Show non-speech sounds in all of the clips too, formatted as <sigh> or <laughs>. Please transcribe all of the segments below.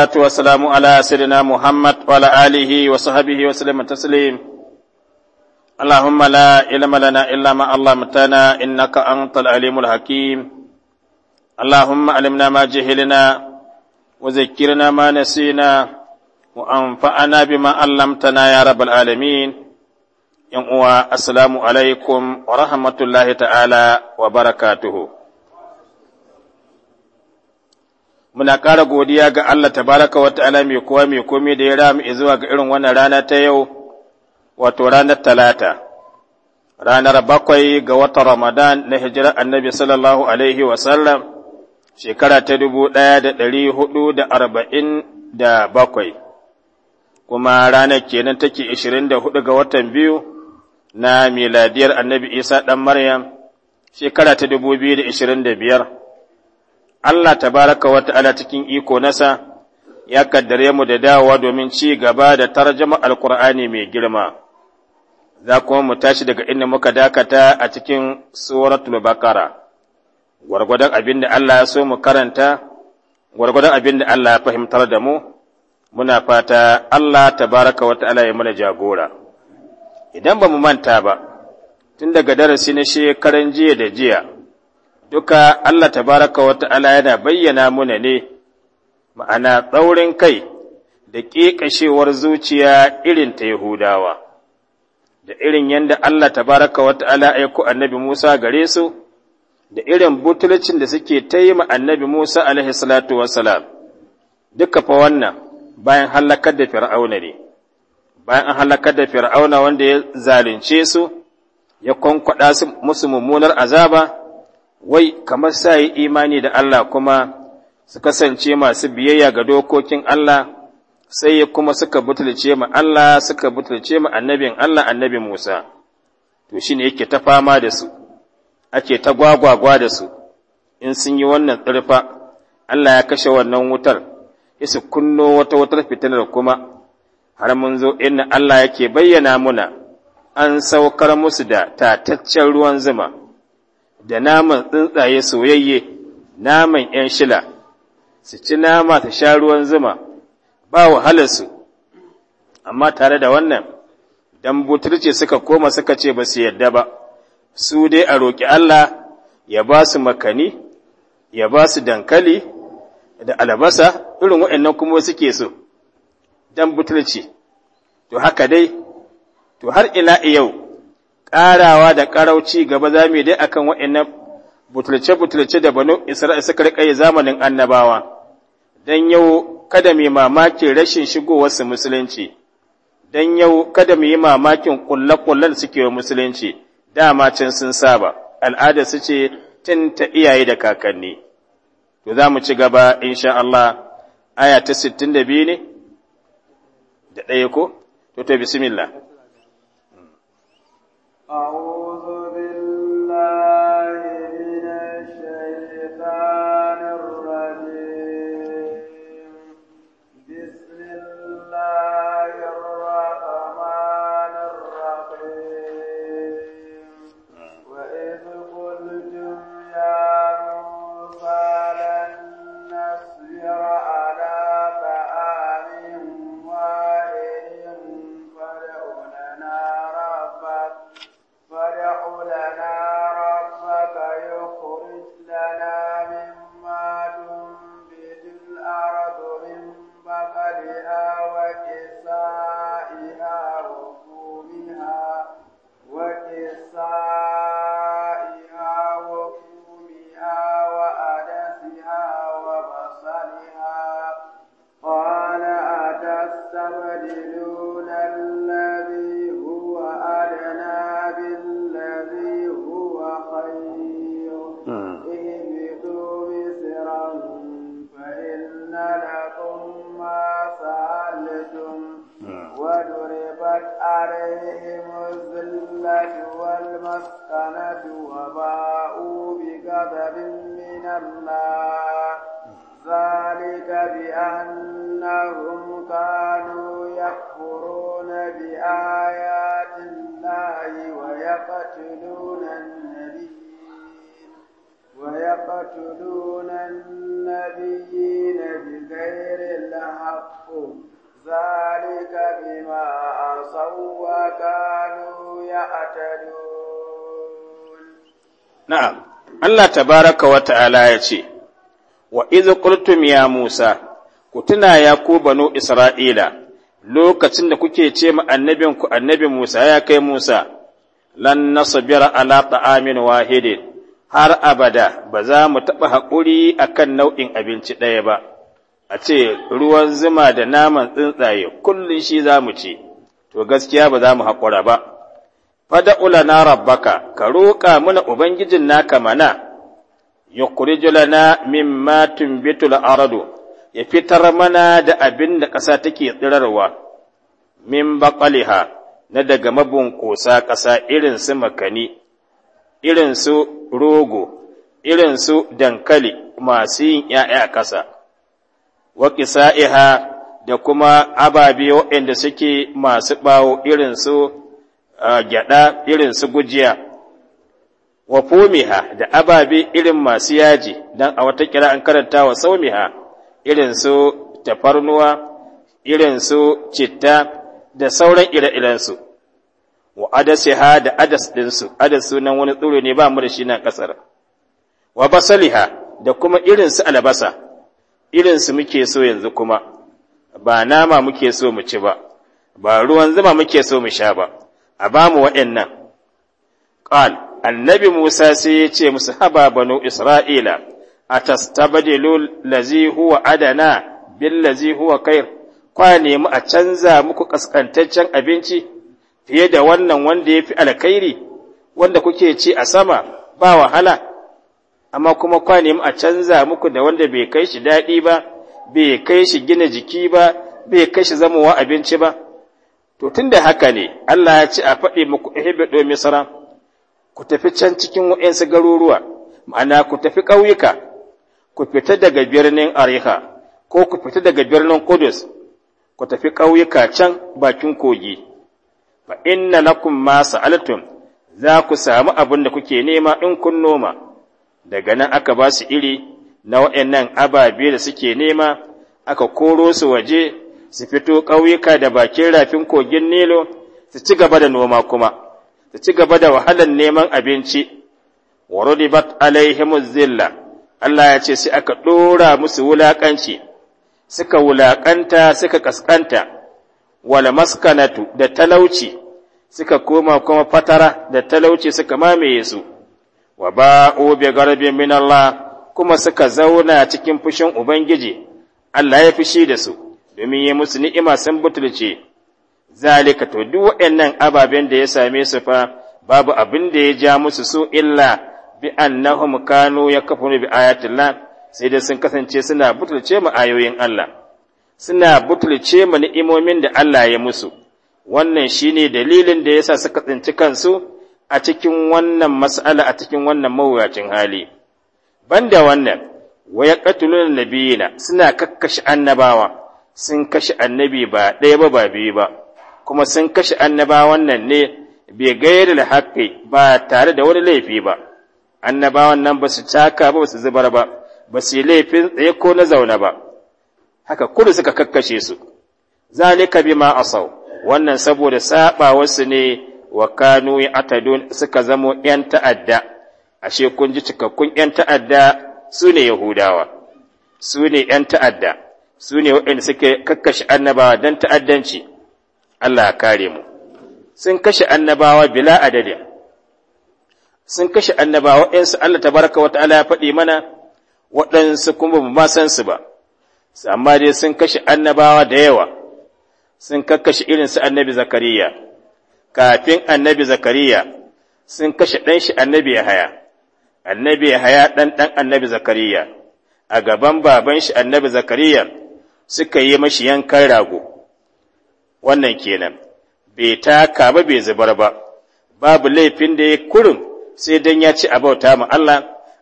salatu wa salamu ala sayyidina Muhammad wa ala alihi wa sahbihi wa sallam taslim Allahumma la ilma lana illa ma 'allamtana innaka antal alimul hakim Allahumma alimna ma jahilna wa zakkirna ma nasina wa anfa'na bima 'allamtana ya rabbal alamin yan uwa assalamu alaikum rahmatullahi ta'ala wa barakatuhu muna ƙara godiya ga Allah tabaraka wa ta'ala mai kowa mai komai da ya rami zuwa ga irin wannan rana ta yau wato ranar talata ranar bakwai ga watan Ramadan na hijirar Annabi sallallahu alaihi wa sallam shekara ta dubu ɗaya da ɗari hudu da arba'in da bakwai kuma ranar kenan take ishirin da hudu ga watan biyu na miladiyar Annabi Isa ɗan Maryam shekara ta dubu biyu da ishirin da biyar Allah ta baraka wa ta'ala cikin iko nasa ya kaddare mu da dawowa domin ci gaba da tarjama alkur'ani mai girma za kuma mu tashi daga inda muka dakata a cikin suratul bakara gwargwadon abin da Allah ya so mu karanta gwargwadon abin da Allah ya fahimtar da mu muna fata Allah ta baraka wa ta'ala ya mana jagora idan ba mu manta ba tun daga darasi na shekaran jiya da jiya duka Allah tabaraka wa ta'ala yana bayyana muna ne, ma'ana tsaurin kai da ƙeƙashewar zuciya irin ta Yahudawa, da irin yadda Allah tabaraka wa ta'ala aiko annabi Musa gare su, da irin butulcin da suke ta yi annabi Musa alaihi salatu duka fa wannan bayan halakar da fir'auna ne, bayan an halakar da fir'auna wanda ya zalunce su, ya kwankwaɗa musu mummunar azaba. wai kamar sa yi imani da Allah kuma su kasance masu biyayya ga dokokin Allah sai kuma suka butulce ma Allah suka butulce ma annabin Allah annabi Musa to shi ne yake ta fama da su ake ta gwagwagwa da su in sun yi wannan tsirfa Allah ya kashe wannan wutar ya su kunno wata wutar fitilar kuma har mun zo inna Allah yake bayyana muna an saukar musu da tataccen ruwan zuma da naman tsuntsaye soyayye naman ‘yan shila su ci nama su sha ruwan zuma ba wahalarsu amma tare da wannan dan buturce suka koma suka ce ba su yadda ba su dai a roƙi Allah ya ba su makani ya ba su dankali da albasa irin waɗannan kuma suke so dan butulci to haka dai to har ila yau ƙarawa da ƙarauci gaba za mu yi dai akan wa'annan butulce-butulce da banu Isra'il suka riƙa yi zamanin annabawa, don yau kada mai mamakin rashin su musulunci, don yau kada mu yi mamakin ƙulle-ƙullen suke wa musulunci, dama can sun saba, al'ada su ce tun ta iyaye da kakanni. To za mu ci gaba, insha Allah, aya ta sittin da biyu ne? Da ɗaya ko? To, to, bismillah. Allah tabaraka wa ta'ala ya ce, Wa iza qultum ya Musa, ku tuna ya ku banu Isra'ila, lokacin da kuke ce ma annabinku annabi Musa ya kai Musa, lan nasbira ala ta'amin wahidin, har abada ba za mu taɓa haƙuri a kan nau'in abinci ɗaya ba, a ce ruwan zuma da naman tsuntsaye kullum shi za mu ci, to gaskiya ba za mu haƙura ba. Fada'ula na rabbaka, ka roƙa mana Ubangijin naka mana, yukhrij lana mimma tunbitu al-ardu ya fitar mana da abin da ƙasa take tsirarwa min baqaliha na daga mabunƙosa ƙasa irin su makani irin su rogo irin su dankali masu yin ‘ya'ya ƙasa, wa ƙisa'iha da kuma ababe waɗanda suke masu ɓawo irin su gyaɗa irin su gujiya, wa fomiha da ababe irin masu yaji don a wata kira an karanta wa saumiha irin su tafarnuwa irin su citta da sauran ire su wa adasiha da adas ɗinsu adas sunan wani tsoro ne ba mu da shi na ƙasar wa basaliha da kuma irin su albasa irin su muke so yanzu kuma ba nama muke so mu ci ba ba ruwan zuma muke so mu sha ba a ba mu waɗannan qal annabi Musa sai ya ce musu haba banu Isra'ila, a tastabadilu lazi huwa adana bin lazi huwa kair, kwa nemi a canza muku ƙasƙantaccen abinci fiye da wannan wanda ya fi alkairi, wanda kuke ci a sama ba wahala, amma kuma kwa mu a canza muku da wanda bai kai shi daɗi ba, bai kai shi gina jiki ba, bai kai shi zamowa abinci ba. To tun da haka ne, Allah ya ce a faɗi muku ihibido Misra. ku tafi can cikin waɗansu garuruwa ma'ana ku tafi ƙauyuka ku fita daga birnin ariha ko ku fita daga birnin kudus ku tafi ƙauyuka can bakin kogi fa inna lakum ma sa'altum za ku samu abin da kuke nema in kun noma daga nan aka ba su iri na waɗannan ababe da suke nema aka koro su waje su fito ƙauyuka da bakin rafin kogin Nilo su ci gaba da noma kuma. ta ci gaba da wahalar neman abinci wa rudibat alaihimu zilla Allah ya ce sai aka ɗora musu wulaƙanci. suka wulaƙanta suka ƙasƙanta. wala maskanatu da talauci suka koma kuma fatara da talauci suka mamaye su wa ba'u bi garbin min Allah kuma suka zauna cikin fushin ubangiji Allah ya fushi da su domin ya musu ni'ima sun butulce zalika to duk waɗannan ababen da ya same su fa babu abin da ya ja musu su illa bi annahum kanu yakfuru bi ayatillah sai da sun kasance suna butulce mu ayoyin Allah suna butulce mu ni'imomin da Allah ya musu wannan shine dalilin da yasa suka tsinci kansu a cikin wannan mas'ala a cikin wannan mawuyacin hali banda wannan wa yaqtuluna nabiyina suna kakkashe annabawa sun kashe annabi ba ɗaya ba ba biyu ba kuma sun kashe annaba wannan ne bai gairi da haƙƙi ba tare da wani laifi ba annabawan nan ba su taka ba su zubar ba ba su yi laifin tsaye ko na zaune ba haka kudu suka kakkashe su zalika a asau wannan saboda saɓa wasu ne wa kanu atadun suka zamo ‘yan ta'adda, ashe kun ji cikakkun ‘yan ta'adda su ne Yahudawa, su ne ‘yan ta'adda, su ne waɗanda suke kakkashi annabawa don ta'addanci, Allah ya kare mu sun kashe annabawa bila adadin sun kashe annabawa su Allah tabaraka wa ta'ala ya faɗi mana waɗansu kuma ba ma san su ba amma dai sun kashe annabawa da yawa sun kakkashe irin su annabi zakariya kafin annabi zakariya sun kashe ɗan shi annabi yahaya annabi yahaya ɗan ɗan annabi zakariya a gaban baban shi annabi zakariya suka yi mashi yankan rago wannan kenan bai taka ba bai zubar ba babu laifin da ya kurin sai dan ya ci a bauta ma Allah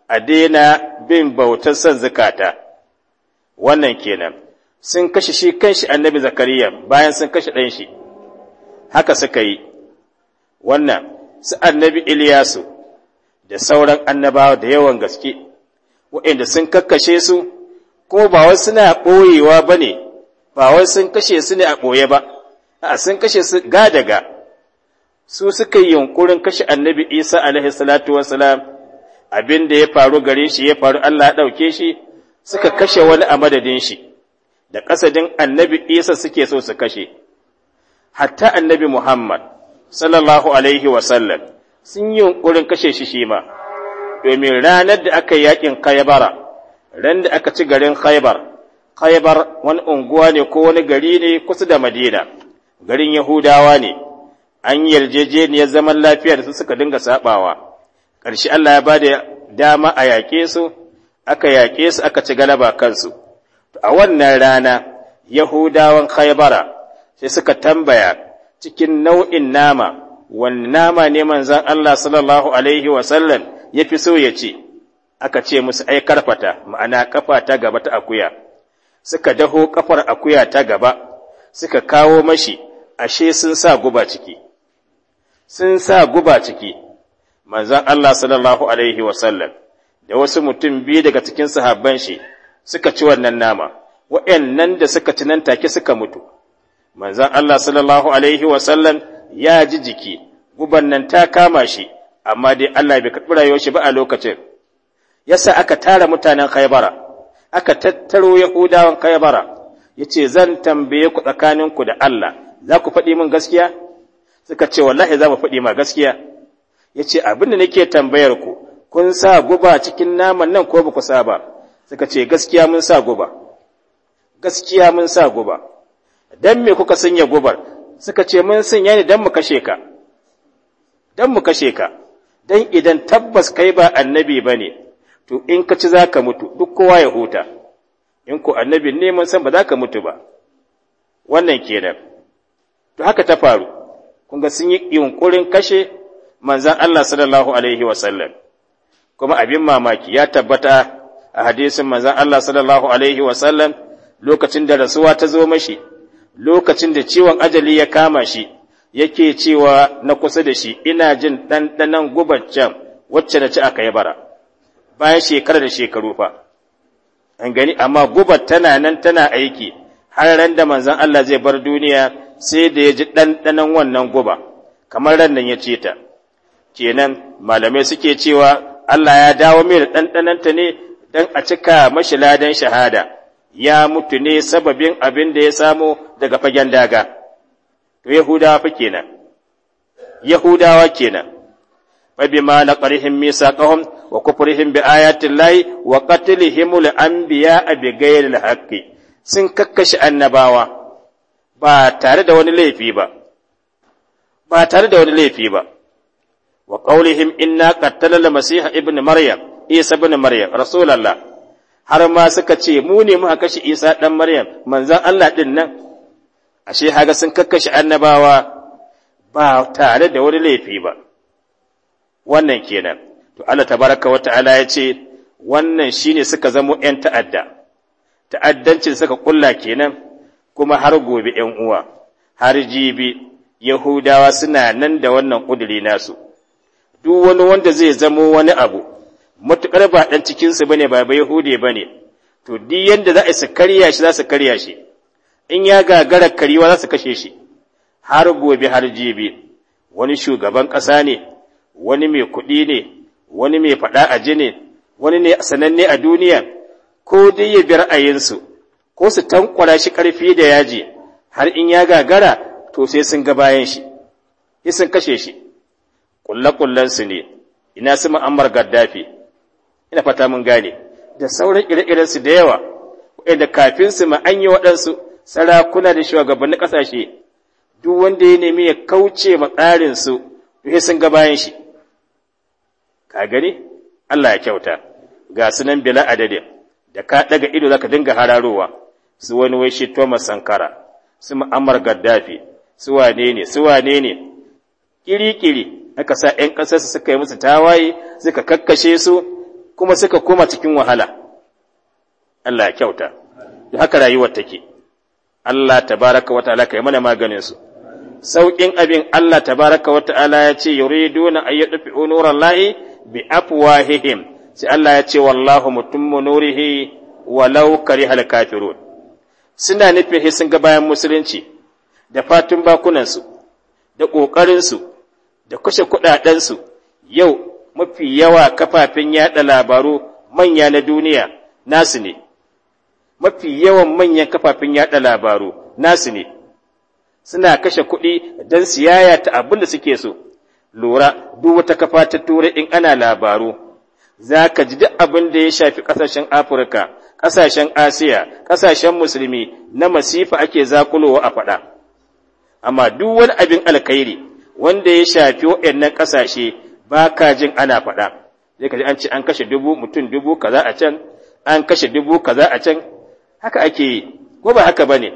a daina bin bautar son zukata wannan kenan sun kashe shi kanshi annabi zakariya bayan sun kashe ɗan shi haka suka yi wannan su annabi iliyasu da sauran annabawa da yawan gaske waɗanda sun kakkashe su kuma ba wai suna ɓoyewa ba ne ba wai sun kashe su ne a ɓoye ba a sun kashe su ga daga su suka yi yunkurin kashe annabi isa alaihi salatu wasalam abin da ya faru gare shi ya faru allah ɗauke shi suka kashe wani a madadin shi da kasadin annabi isa suke so su kashe hatta annabi muhammad sallallahu alaihi wasallam sun yi yunkurin kashe shi shi ma domin ranar da aka yi yakin kayabara ran da aka ci garin khaybar khaybar wani unguwa ne ko wani gari ne kusa da madina garin Yahudawa ne, an yarjejeniyar zaman lafiya da su suka dinga saɓawa, ƙarshe Allah ya ba da dama a yaƙe su, aka yaƙe su aka ci galaba kansu. A wannan rana, Yahudawan Khaibara sai suka tambaya cikin nau'in nama, wani nama ne manzan Allah sallallahu Alaihi wasallam ya fi so ya ce, aka ce musu ai karfata, ma'ana kafa ta gaba ta akuya. Suka daho kafar akuya ta gaba, suka kawo mashi, ashe sun sa guba ciki sun sa guba ciki manzon Allah sallallahu alaihi wasallam da wasu mutum biyu daga cikin sahabban shi suka ci wannan nama waɗannan da suka ci nan take suka mutu manzon Allah sallallahu alaihi wasallam ya ji jiki guban nan ta kama shi amma dai Allah bai karɓi rayuwar shi ba a lokacin yasa aka tara mutanen Khaybara aka tattaro Yahudawan Khaybara yace zan tambaye ku tsakaninku da Allah za ku faɗi min gaskiya suka ce wallahi za mu faɗi ma gaskiya ya ce abin da nake tambayar ku kun sa guba cikin naman nan ko ba ku sa ba suka ce gaskiya mun sa guba gaskiya mun sa guba dan me kuka sanya gubar suka ce mun sanya ne dan mu kashe ka dan mu kashe ka dan idan tabbas kai ba annabi bane to in ka ci zaka mutu duk kowa ya huta in ko annabin ne mun san ba za ka mutu ba wannan kenan to haka ta faru kun ga sun yi yunkurin kashe manzan Allah sallallahu alaihi wasallam kuma abin mamaki ya tabbata a hadisin manzan Allah sallallahu alaihi wasallam lokacin da rasuwa ta zo mashi lokacin da ciwon ajali ya kama shi yake cewa na kusa da shi ina jin ɗanɗanon guba can wacce da ci aka yi bara bayan shekara da shekaru fa an gani amma gubar tana nan tana aiki har ran da manzon Allah zai bar duniya sai da ya ji ɗanɗanon wannan guba kamar ran nan ya ce ta kenan malamai suke cewa Allah ya dawo mai da ɗanɗanonta ne don a cika mashi ladan shahada ya mutu ne sababin abin da ya samu daga fagen daga to yahudawa fa kenan yahudawa kenan فبما نقرهم wa وكفرهم an biya a الأنبياء بغير haƙƙi sun kakkashe annabawa ba tare da wani laifi ba ba tare da wani laifi ba wa qaulihim inna qattala Masiha masih ibn maryam isa ibn maryam rasulullah har ma suka ce mu ne muka kashe isa dan maryam manzon Allah din nan ashe haga sun kakkashe annabawa ba tare da wani laifi ba wannan kenan to Allah tabaraka wa ta'ala ya ce wannan shine suka zamo 'yan ta'adda ta'addancin suka kulla kenan kuma har gobe ‘yan uwa, har jibi, Yahudawa suna nan da wannan ƙuduri nasu, duk wani wanda zai zamo wani abu, matuƙar ba ɗan cikinsu ba ne ba ba Yahude ba ne, to, duk yadda za a su karya shi za su karya shi, in ya gagara kariwa za su kashe shi, har gobe har jibi, wani shugaban ƙasa ne, wani mai kuɗi ne, wani mai faɗa aji ne, wani ne sananne a duniya, ko dai ya bi ra'ayinsu, ko su tankwara shi ƙarfi da yaji har in ya gagara to sai sun ga bayan shi sai sun kashe shi kullakullan su ne ina su mu'ammar gaddafi ina fata mun gane da sauran ire-iren da yawa waɗanda kafin su ma waɗansu sarakuna da shugabanni ƙasashe duk wanda ya nemi ya kauce ma tsarin su to sai sun ga bayan shi ka gani Allah ya kyauta ga sunan bila adadin da ka daga ido zaka dinga hararowa su wani wai shi Thomas Sankara su Muammar Gaddafi su wane ne su wane ne Ƙiri-ƙiri, aka sa ‘yan ƙasarsu suka yi musu tawaye suka kakkashe su kuma suka koma cikin wahala Allah ya kyauta don haka rayuwar take Allah tabaraka wa ta'ala kai mana maganin su saukin abin Allah tabaraka wa ta'ala ya ce yuriduna ayyadfi'u nurallahi bi afwahihim sai Allah ya ce wallahu mutum nurihi walau karihal kafirun suna nufin sun ga bayan musulunci da fatun bakunansu da ƙoƙarinsu da kushe kuɗaɗensu yau mafi yawa kafafen yaɗa labaru manya na duniya nasu ne mafi yawan manyan kafafen yaɗa labaru nasu ne suna kashe kuɗi don siyaya ta abin da suke so lura duk wata kafa ta turai in ana labaru za ka ji duk abin da ya shafi ƙasashen afirka ƙasashen asiya ƙasashen musulmi na masifa ake zakulowa a faɗa amma duk wani abin alkhairi wanda ya shafi waɗannan ƙasashe ba ka jin ana faɗa zai kaji an ce an kashe dubu mutum dubu kaza a can an kashe dubu kaza a can haka ake yi ko ba haka ba ne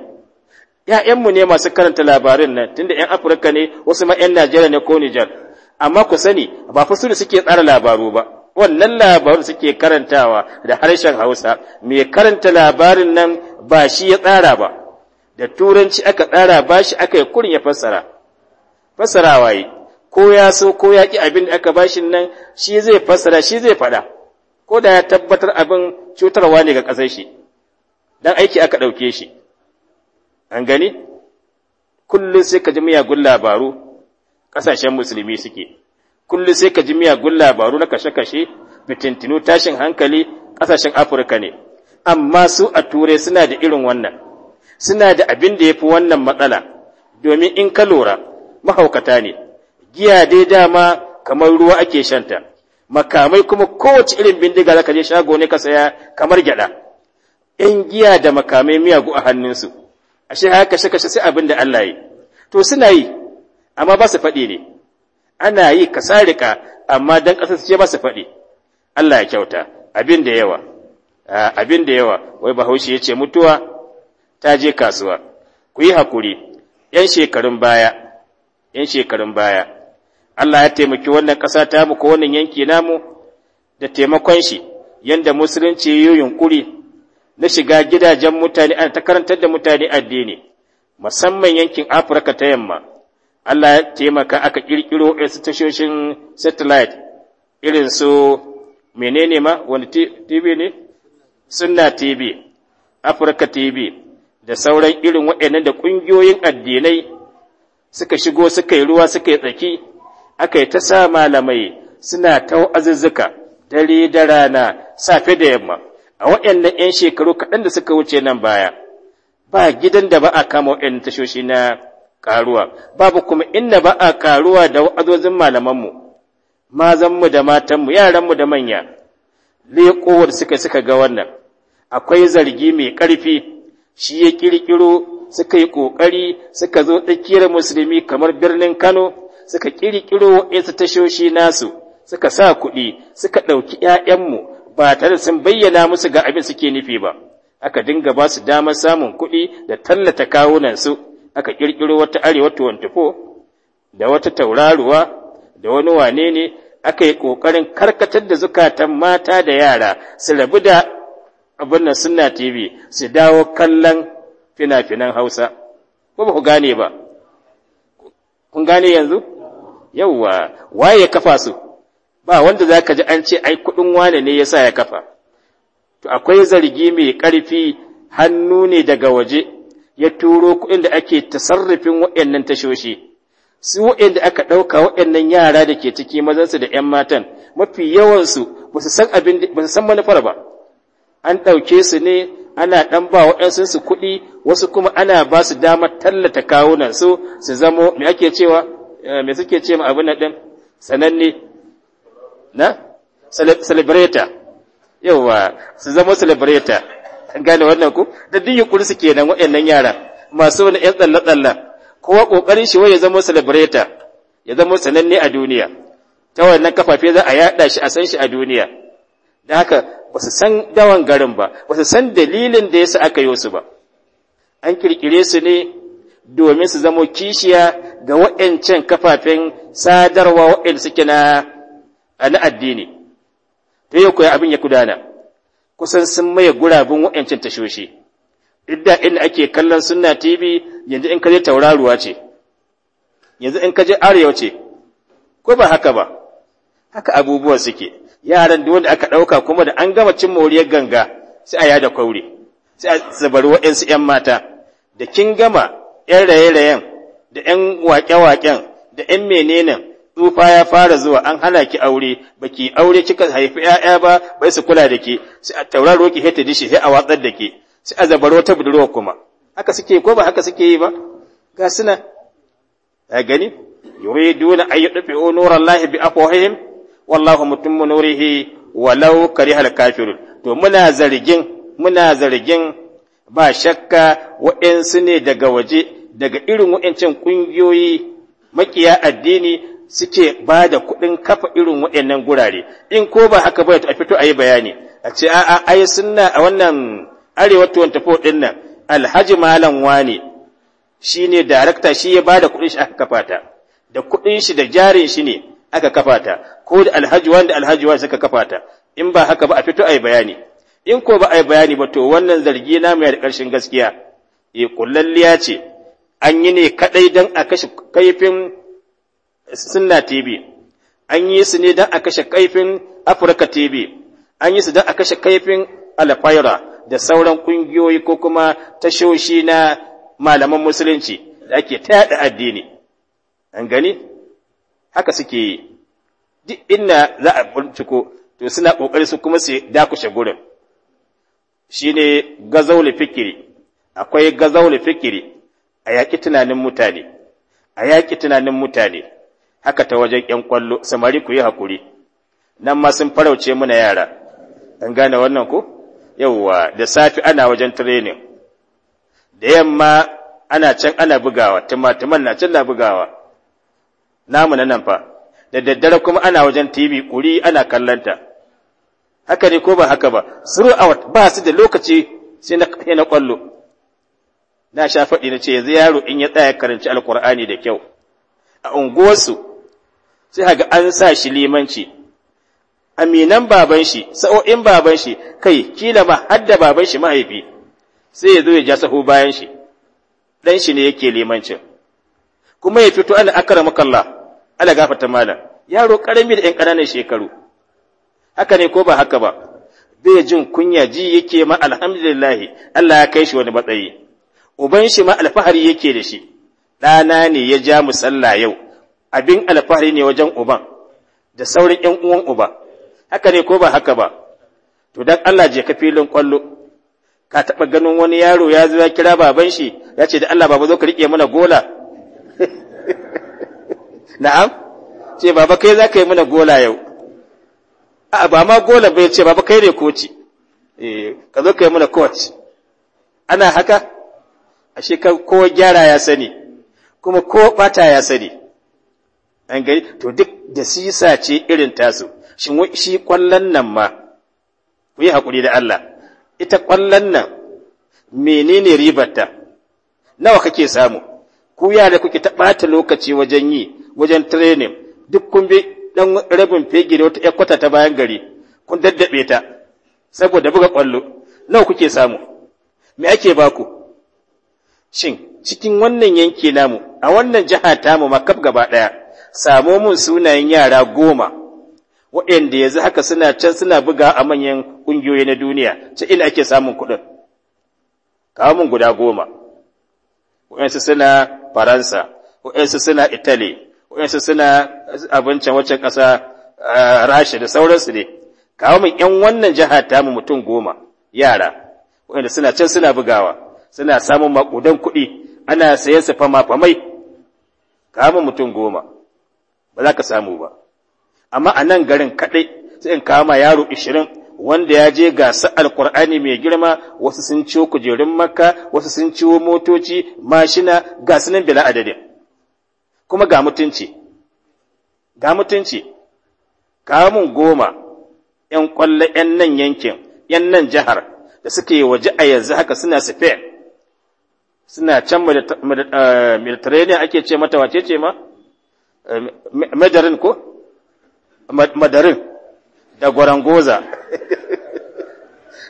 ‘ya'yanmu ne masu karanta labarin nan tunda ‘yan afirka ne wasu ma ‘yan najeriya ne ko nijar amma ku sani ba fa su suke tsara labaru ba wannan labarun suke karantawa da harshen Hausa mai karanta labarin nan ba shi ya tsara ba da turanci aka tsara ba shi aka yi kurin ya fassara Fassara waye ko ya so ko ya ki abin da aka bashi nan shi zai fassara shi zai faɗa ko da ya tabbatar abin cutarwa ne ga ƙasar shi dan aiki aka ɗauke shi an gani kullum sai ka ji miyagun labaru ƙasashen musulmi suke kullum sai ka ji miyagun labaru na kashe-kashe fitintinu tashin hankali ƙasashen afirka ne amma su a turai suna da irin wannan suna da abin da ya fi wannan matsala domin in ka lura mahaukata ne giya dai dama kamar ruwa ake shanta makamai kuma kowace irin bindiga za ka je shago ne ka saya kamar gyada in giya da makamai miyagu a hannunsu ashe haka kashe-kashe sai abin da Allah yi to suna yi amma ba su faɗi ne ana yi ka sarika amma dan ƙasar su ce ba su faɗi Allah ya kyauta abin da yawa abin da yawa wai bahaushe ya ce mutuwa ta je kasuwa ku yi hakuri yan shekarun baya yan shekarun baya Allah ya taimaki wannan ƙasa ta mu ko wannan yanki namu da taimakon shi yanda musulunci ya yi yunkuri na shiga gidajen mutane ana ta karantar da mutane addini musamman yankin Afirka ta yamma Allah ya taimaka aka kirkiro su tashoshin satellite irin su menene ma wani TV ne Sunna TV Africa TV da sauran irin waɗannan da ƙungiyoyin addinai suka shigo suka yi ruwa suka yi tsaki aka yi ta sa malamai suna ta azuzzuka dare da rana safe da yamma a waɗannan 'yan shekaru kaɗan da suka wuce nan baya ba gidan da ba a kama waɗannan tashoshi na karuwa babu kuma inna ba a karuwa da wa'azozin malamanmu mazanmu da matanmu yaranmu da manya leƙowar suka suka ga wannan akwai zargi mai ƙarfi shi ya ƙirƙiro suka yi ƙoƙari suka zo tsakiyar musulmi kamar birnin kano suka ƙirƙiro wa'insu tashoshi nasu suka sa kuɗi suka ɗauki ‘ya'yanmu ba tare sun bayyana musu ga abin suke nufi ba aka dinga ba su damar samun kuɗi da tallata kawunansu aka ƙirƙiro wata arewa 24 da wata tauraruwa da wani wane ne aka yi ƙoƙarin karkatar da zukatan mata da yara su rabu da abin nan sunna tv su dawo kallon fina-finan hausa ko ba ku gane ba kun gane yanzu yauwa waye ya kafa su ba wanda za ka ji an ce ai kuɗin wane ne ya sa ya kafa to akwai zargi mai ƙarfi hannu ne daga waje ya turo kuɗin da ake tasarrufin waɗannan tashoshi su waɗanda aka ɗauka waɗannan yara da ke ciki mazansu da ‘yan matan mafi yawansu ba su san manufar ba an ɗauke su ne ana ɗan ba waɗansu su kuɗi wasu kuma ana ba su dama tallata kawunan su su zamo me ake cewa eh, me suke ce ma abin nan sananne na celebrator yawa su zama celebrator an gane wannan ku da duk yunkurin su kenan waɗannan yara masu wani ɗan tsalle tsalle kowa kokarin shi ya zama celebrator ya zama sananne a duniya ta wannan kafafe za a yada shi a san shi a duniya da haka ba su san dawan garin ba ba su san dalilin da yasa aka yi su ba an kirkire su ne domin su zama kishiya ga waɗancan kafafen sadarwa waɗanda suke na addini to yau koyi abin ya kudana kusan sun maye gurabin wa'ancin tashoshi idda inda ake kallon sunna tv yanzu in kaje tauraruwa ce yanzu in kaje arewa ce ko ba haka ba haka abubuwan suke yaran da wanda aka ɗauka kuma da an gama cin moriyar ganga sai a yada kauri, sai a zabar wa'ansu 'yan mata da kin gama 'yan raye-rayen da 'yan waƙe-waƙen da 'yan menenen tsufa ya fara zuwa an hana ki aure baki aure kika haifi ‘ya’ya ba bai su kula da ke sai a tauraro ki heta dishi sai a watsar da ke sai a zabaro ta budurwa kuma haka suke ko ba haka suke yi ba ga suna ya gani yuriduna ay yudfi'u lahi bi afwahihim wallahu mutimmu nurihi walau karihal kafir to muna zargin muna zargin ba shakka waɗansu ne daga waje daga irin waɗancan ƙungiyoyi makiya addini suke ba da kuɗin kafa irin waɗannan gurare in ko ba haka ba a fito a yi bayani a ce a'a ai sunna a wannan arewa 24 ɗin nan alhaji malam wani shi ne darakta shi ya ba da kuɗin shi aka kafa ta da kuɗin shi da jarin shi ne aka kafa ta ko da alhaji wani da alhaji wani suka kafa ta in ba haka ba a fito a yi bayani in ko ba a yi bayani ba to wannan zargi na mai da ƙarshen gaskiya ya eh, kullalliya ce an yi ne kaɗai don a kashe kaifin sunna tv an yi su ne don a kashe kaifin afirka tv an yi su don a kashe kaifin alfaira da sauran kungiyoyi ko kuma tashoshi na malaman musulunci da ake da addini an gani haka suke yi duk inda za a binciko to suna ƙoƙari su kuma su dakushe gurin shi ne gazauli fikiri akwai gazauli fikiri a tunanin mutane a yaƙi tunanin mutane haka ta wajen ƴan kwallo, samari ku yi hakuri. nan ma sun farauce muna yara, an gane wannan ku? Yawwa, da safi ana wajen training, da yamma ana can ana bugawa, tumatuman na can na bugawa, namu na nan fa, da daddare kuma ana wajen TV kuri ana kallanta. Haka ne ko ba haka ba, throughout ba su da lokaci sai na kwallo. Na sha faɗi na ce yanzu yaro in ya tsaya karanci alkur'ani da kyau, a unguwarsu sai ga an sa shi limanci aminan baban shi sa'o'in baban shi kai kila ma hadda baban shi mahaifi sai ya zo ya ja sahu bayan shi dan shi ne yake limancin kuma ya fito ala kalla ala gafarta malam yaro karami da yan ƙananan shekaru haka ne ko ba haka ba zai jin kunya ji yake ma alhamdulillah Allah ya kai shi wani matsayi uban shi ma alfahari yake da shi ɗana ne ya ja mu yau abin alfahari ne wajen uban da saurin ‘yan uwan uba, haka ne ko ba haka ba, to don Allah je ka filin ƙwallo, ka taɓa ganin wani yaro ya zo ya kira baban shi ya ce da Allah baba zo ka riƙe mana gola. <laughs> Na'am, ce baba kai za ka yi mana gola yau, a ba ma gola bai ce baba kai ne koci, eh, ka zo ka yi mana koci. Ana haka, ashe kowa gyara ya sani, kuma ko ɓata ya sani. an to duk da sisa ce irin tasu shin shi kwallon nan ma ku yi haƙuri da Allah ita kwallon nan menene ribarta nawa kake samu ku yara kuke ta ɓata lokaci wajen yi wajen training duk kun bi dan rabin fegi da wata ƴar ta bayan gari kun daddabe ta saboda buga kwallo nawa kuke samu me ake baku shin cikin wannan yanki namu a wannan jiha tamu makab gaba ɗaya samo mun sunayen yara goma waɗanda yanzu haka suna can suna buga a manyan ƙungiyoyi na duniya ta ina ake samun kuɗin kawo mun guda goma waɗansu suna faransa waɗansu suna italy waɗansu suna abincin wacce ƙasa rasha da sauransu ne kawo mun ‘yan wannan jiha ta mu mutum goma yara waɗanda suna can suna bugawa suna samun maƙudan kuɗi ana sayan su fama-famai kawo mun mutum goma ba za ka samu ba amma a nan garin kaɗai sai in kama yaro ishirin wanda ya je gasa alkur'ani mai girma wasu sun ciwo kujerun makka wasu sun ciwo motoci mashina ga sunan bila adadin kuma ga mutunci ga mutunci kamun goma ‘yan ƙwallo ‘yan nan yankin ‘yan nan jihar da suke waje a yanzu haka suna spain suna can eh, mediterranean ake ce mata wace ce ma madarin ko madarin da gwarangoza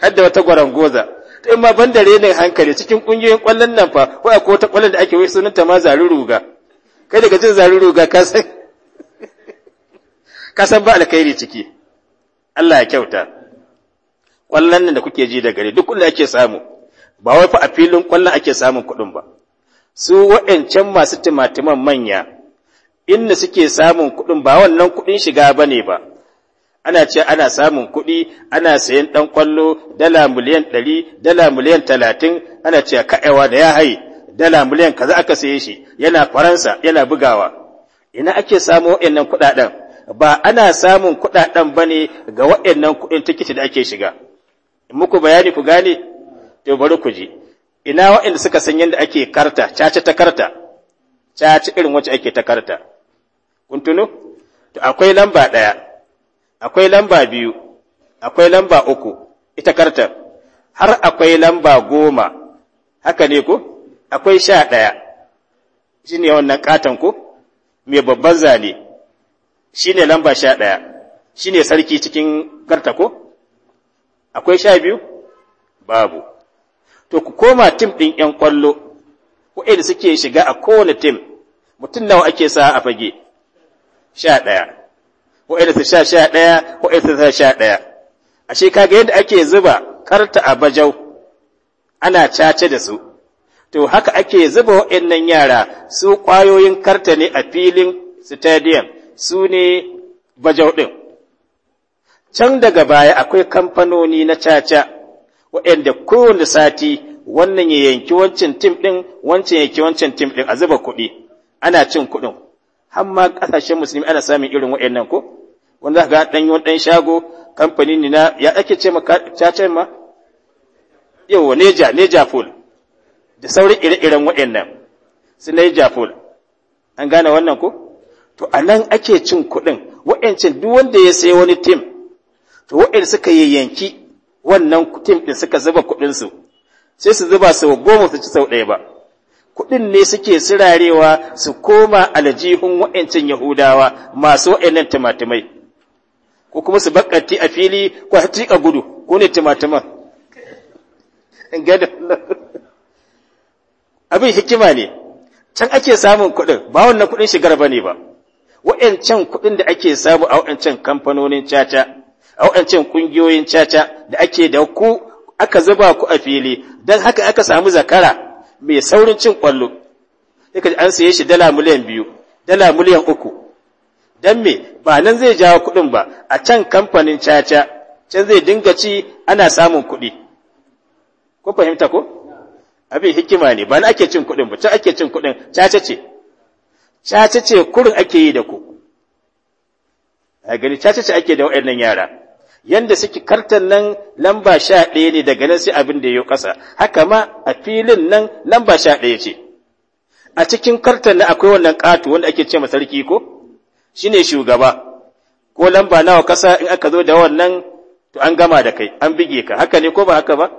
hadda wata gwarangoza to in ma ban ne hankali cikin kungiyoyin kwallon nan fa ko akwai wata kwallon da ake wai sunanta ma zaruruga kai daga jin zaruruga ka san ka san ba alkhairi ciki Allah ya kyauta kwallon nan da kuke ji da gare duk kullum ake samu ba wai fa a filin kwallon ake samun kuɗin ba su wa'ancan masu timatiman manya inda suke samun kuɗin ba wannan kuɗin shiga ba ne ba ana ce ana samun kuɗi ana sayan ɗan ƙwallo dala miliyan ɗari dala miliyan talatin ana ce ka'ewa da ya hai dala miliyan kaza aka saye shi yana faransa yana bugawa ina ake samu waɗannan kuɗaɗen ba ana samun kuɗaɗen ba ne ga waɗannan kuɗin tikiti da ake shiga muku bayani ku gane to bari ku ji ina waɗanda suka san yadda ake karta caca ta karta caci irin wacce ake ta karta Kuntunu? To akwai lamba ɗaya, akwai lamba biyu, akwai lamba uku, ita kartar, har akwai lamba goma, haka ne ko? Akwai sha ɗaya, shi wannan ƙaton ko? Mai babban zane, shi lamba sha ɗaya, shi sarki cikin karta ko? Akwai sha biyu? Babu. To ku koma tim ɗin ‘yan ƙwallo, waɗanda suke shiga a kowane tim, mutum nawa ake sa a fage. sha ɗaya wa'irsa sha sha ɗaya wa'irsa sha ɗaya ashe kaga yadda ake zuba karta a bajau ana cace da su to haka ake zuba waɗannan yara su ƙwayoyin karta ne a filin stadium su ne bajau ɗin can daga baya akwai kamfanoni na caca waɗanda kowane sati wannan ya yanki wancan tim ɗin wancan yanki wancan tim ɗin a zuba kuɗi ana cin kuɗin har ma kasashen musulmi ana samun irin waɗannan ko wanda ga dan yi ɗan shago kamfanin ne na ya ake ce maka cacen ma yawa neja neja pool da sauran ire-iren waɗannan su neja pool an gane wannan ko to a nan ake cin kuɗin waɗancan duk wanda ya sayi wani tim to waɗanda suka yi yanki wannan tim ɗin suka zuba kuɗinsu sai su zuba sau goma su ci sau ɗaya ba kuɗin ne suke sirarewa su koma aljihun wa'ancin Yahudawa masu wa'annan tumatumai ko kuma su bakatti a fili ko hatika gudu, ko ne timatiman. Abin hikima ne, can ake samun kuɗin, ba wannan kuɗin shigar ba ne ba, wa'ancan kuɗin da ake samu a wa'ancan kamfanonin caca, a wa'ancan ƙungiyoyin caca da ake da ku aka zuba ku a fili, don haka aka samu zakara. mai saurin cin kwallo yake an saye shi dala miliyan biyu dala miliyan uku don me ba nan zai jawo kuɗin ba a can kamfanin caca can zai dinga ci ana samun kuɗi ko fahimta ko abin hikima ne ba na ake cin kuɗin ba can ake cin kuɗin caca ce caca ce kurin ake yi da ku a gani caca ce ake da waɗannan yara yanda suke kartan nan lamba sha ɗaya ne daga nan sai abin da ya ƙasa haka ma a filin nan lamba sha ɗaya ce a cikin kartan nan akwai wannan ƙato wanda ake ce sarki ko shine shugaba ko lamba nawa ƙasa in aka zo da wannan to an gama da kai an bige ka haka ne ko ba haka ba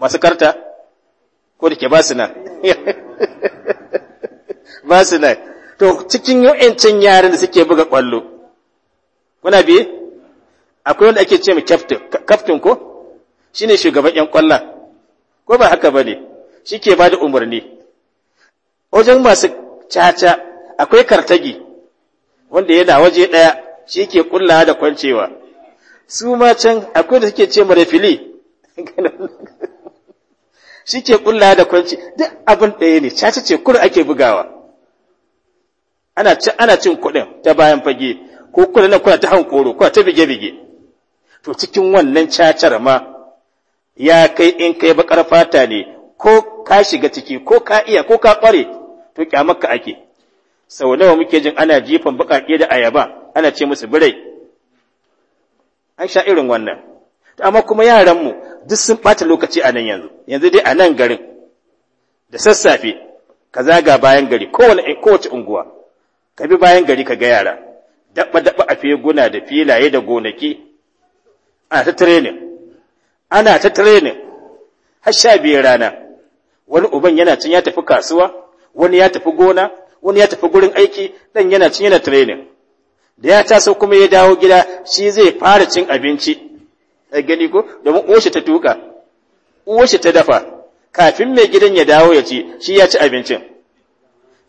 masu karta ko da ke ba su nan <laughs> ba su nan to cikin yawancin yaran da suke buga ƙwallo kuna biye akwai wanda ake ce mu captain captain ko shine shugaban yan kwallon ko ba haka bane shike ba da umarni wajen masu caca akwai kartagi wanda yana waje daya shike kullawa da kwancewa su ma can akwai da suke ce mu refili <laughs> shike kullawa da kwanci duk abin ɗaya ne caca ce kur ake bugawa ana cin kuɗin ta bayan fage ko kuna nan kuna ta hankoro kuna ta bige-bige to cikin wannan cacar ma ya kai in kai bakar fata ne ko ka shiga ciki ko ka iya ko ka kware to kyamarka ake sau nawa muke jin ana jifan bakake da ayaba ana ce musu birai an sha irin wannan amma kuma yaranmu duk sun ɓata lokaci a nan yanzu yanzu dai a nan garin da sassafe ka zaga bayan gari kowace unguwa ka bi bayan gari ka ga yara daɓa daɓa a feguna da filaye da gonaki ana ta training ana ta training har sha biyar rana wani uban yana cin ya tafi kasuwa wani ya tafi gona wani ya tafi gurin aiki dan yana cin yana training da ya taso kuma ya dawo gida shi zai fara cin abinci a gani ko domin uwarshi ta tuka uwarshi ta dafa kafin mai gidan ya dawo ya ci shi ya ci abincin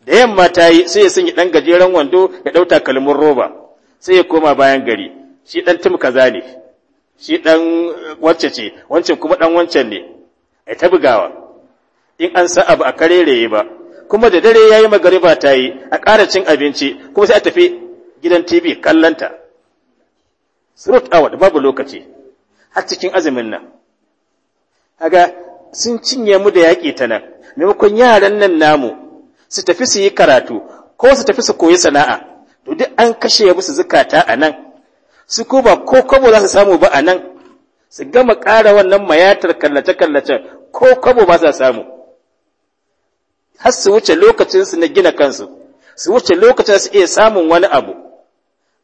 da yamma ta yi sai ya sanya dan gajeren wando ya ɗau takalmin roba sai ya koma bayan gari shi dan tim kaza ne shi ɗan wacce ce wancan kuma ɗan wancan ne a ta bugawa in an sa abu a kareraye ba kuma da dare ya yi magariba ta yi a ƙara cin abinci kuma sai a tafi gidan tv kallanta throughout hour babu lokaci har cikin azumin nan haga sun cinye mu da yaƙi ta nan maimakon yaran nan namu su tafi su yi karatu ko su tafi su koyi sana'a to duk an kashe musu zukata a nan su ko ba ko kwabo za su samu ba a nan su gama ƙara wannan mayatar kallace-kallace ko kwabo ba su samu har su wuce lokacinsu na gina kansu su wuce lokacin su iya samun wani abu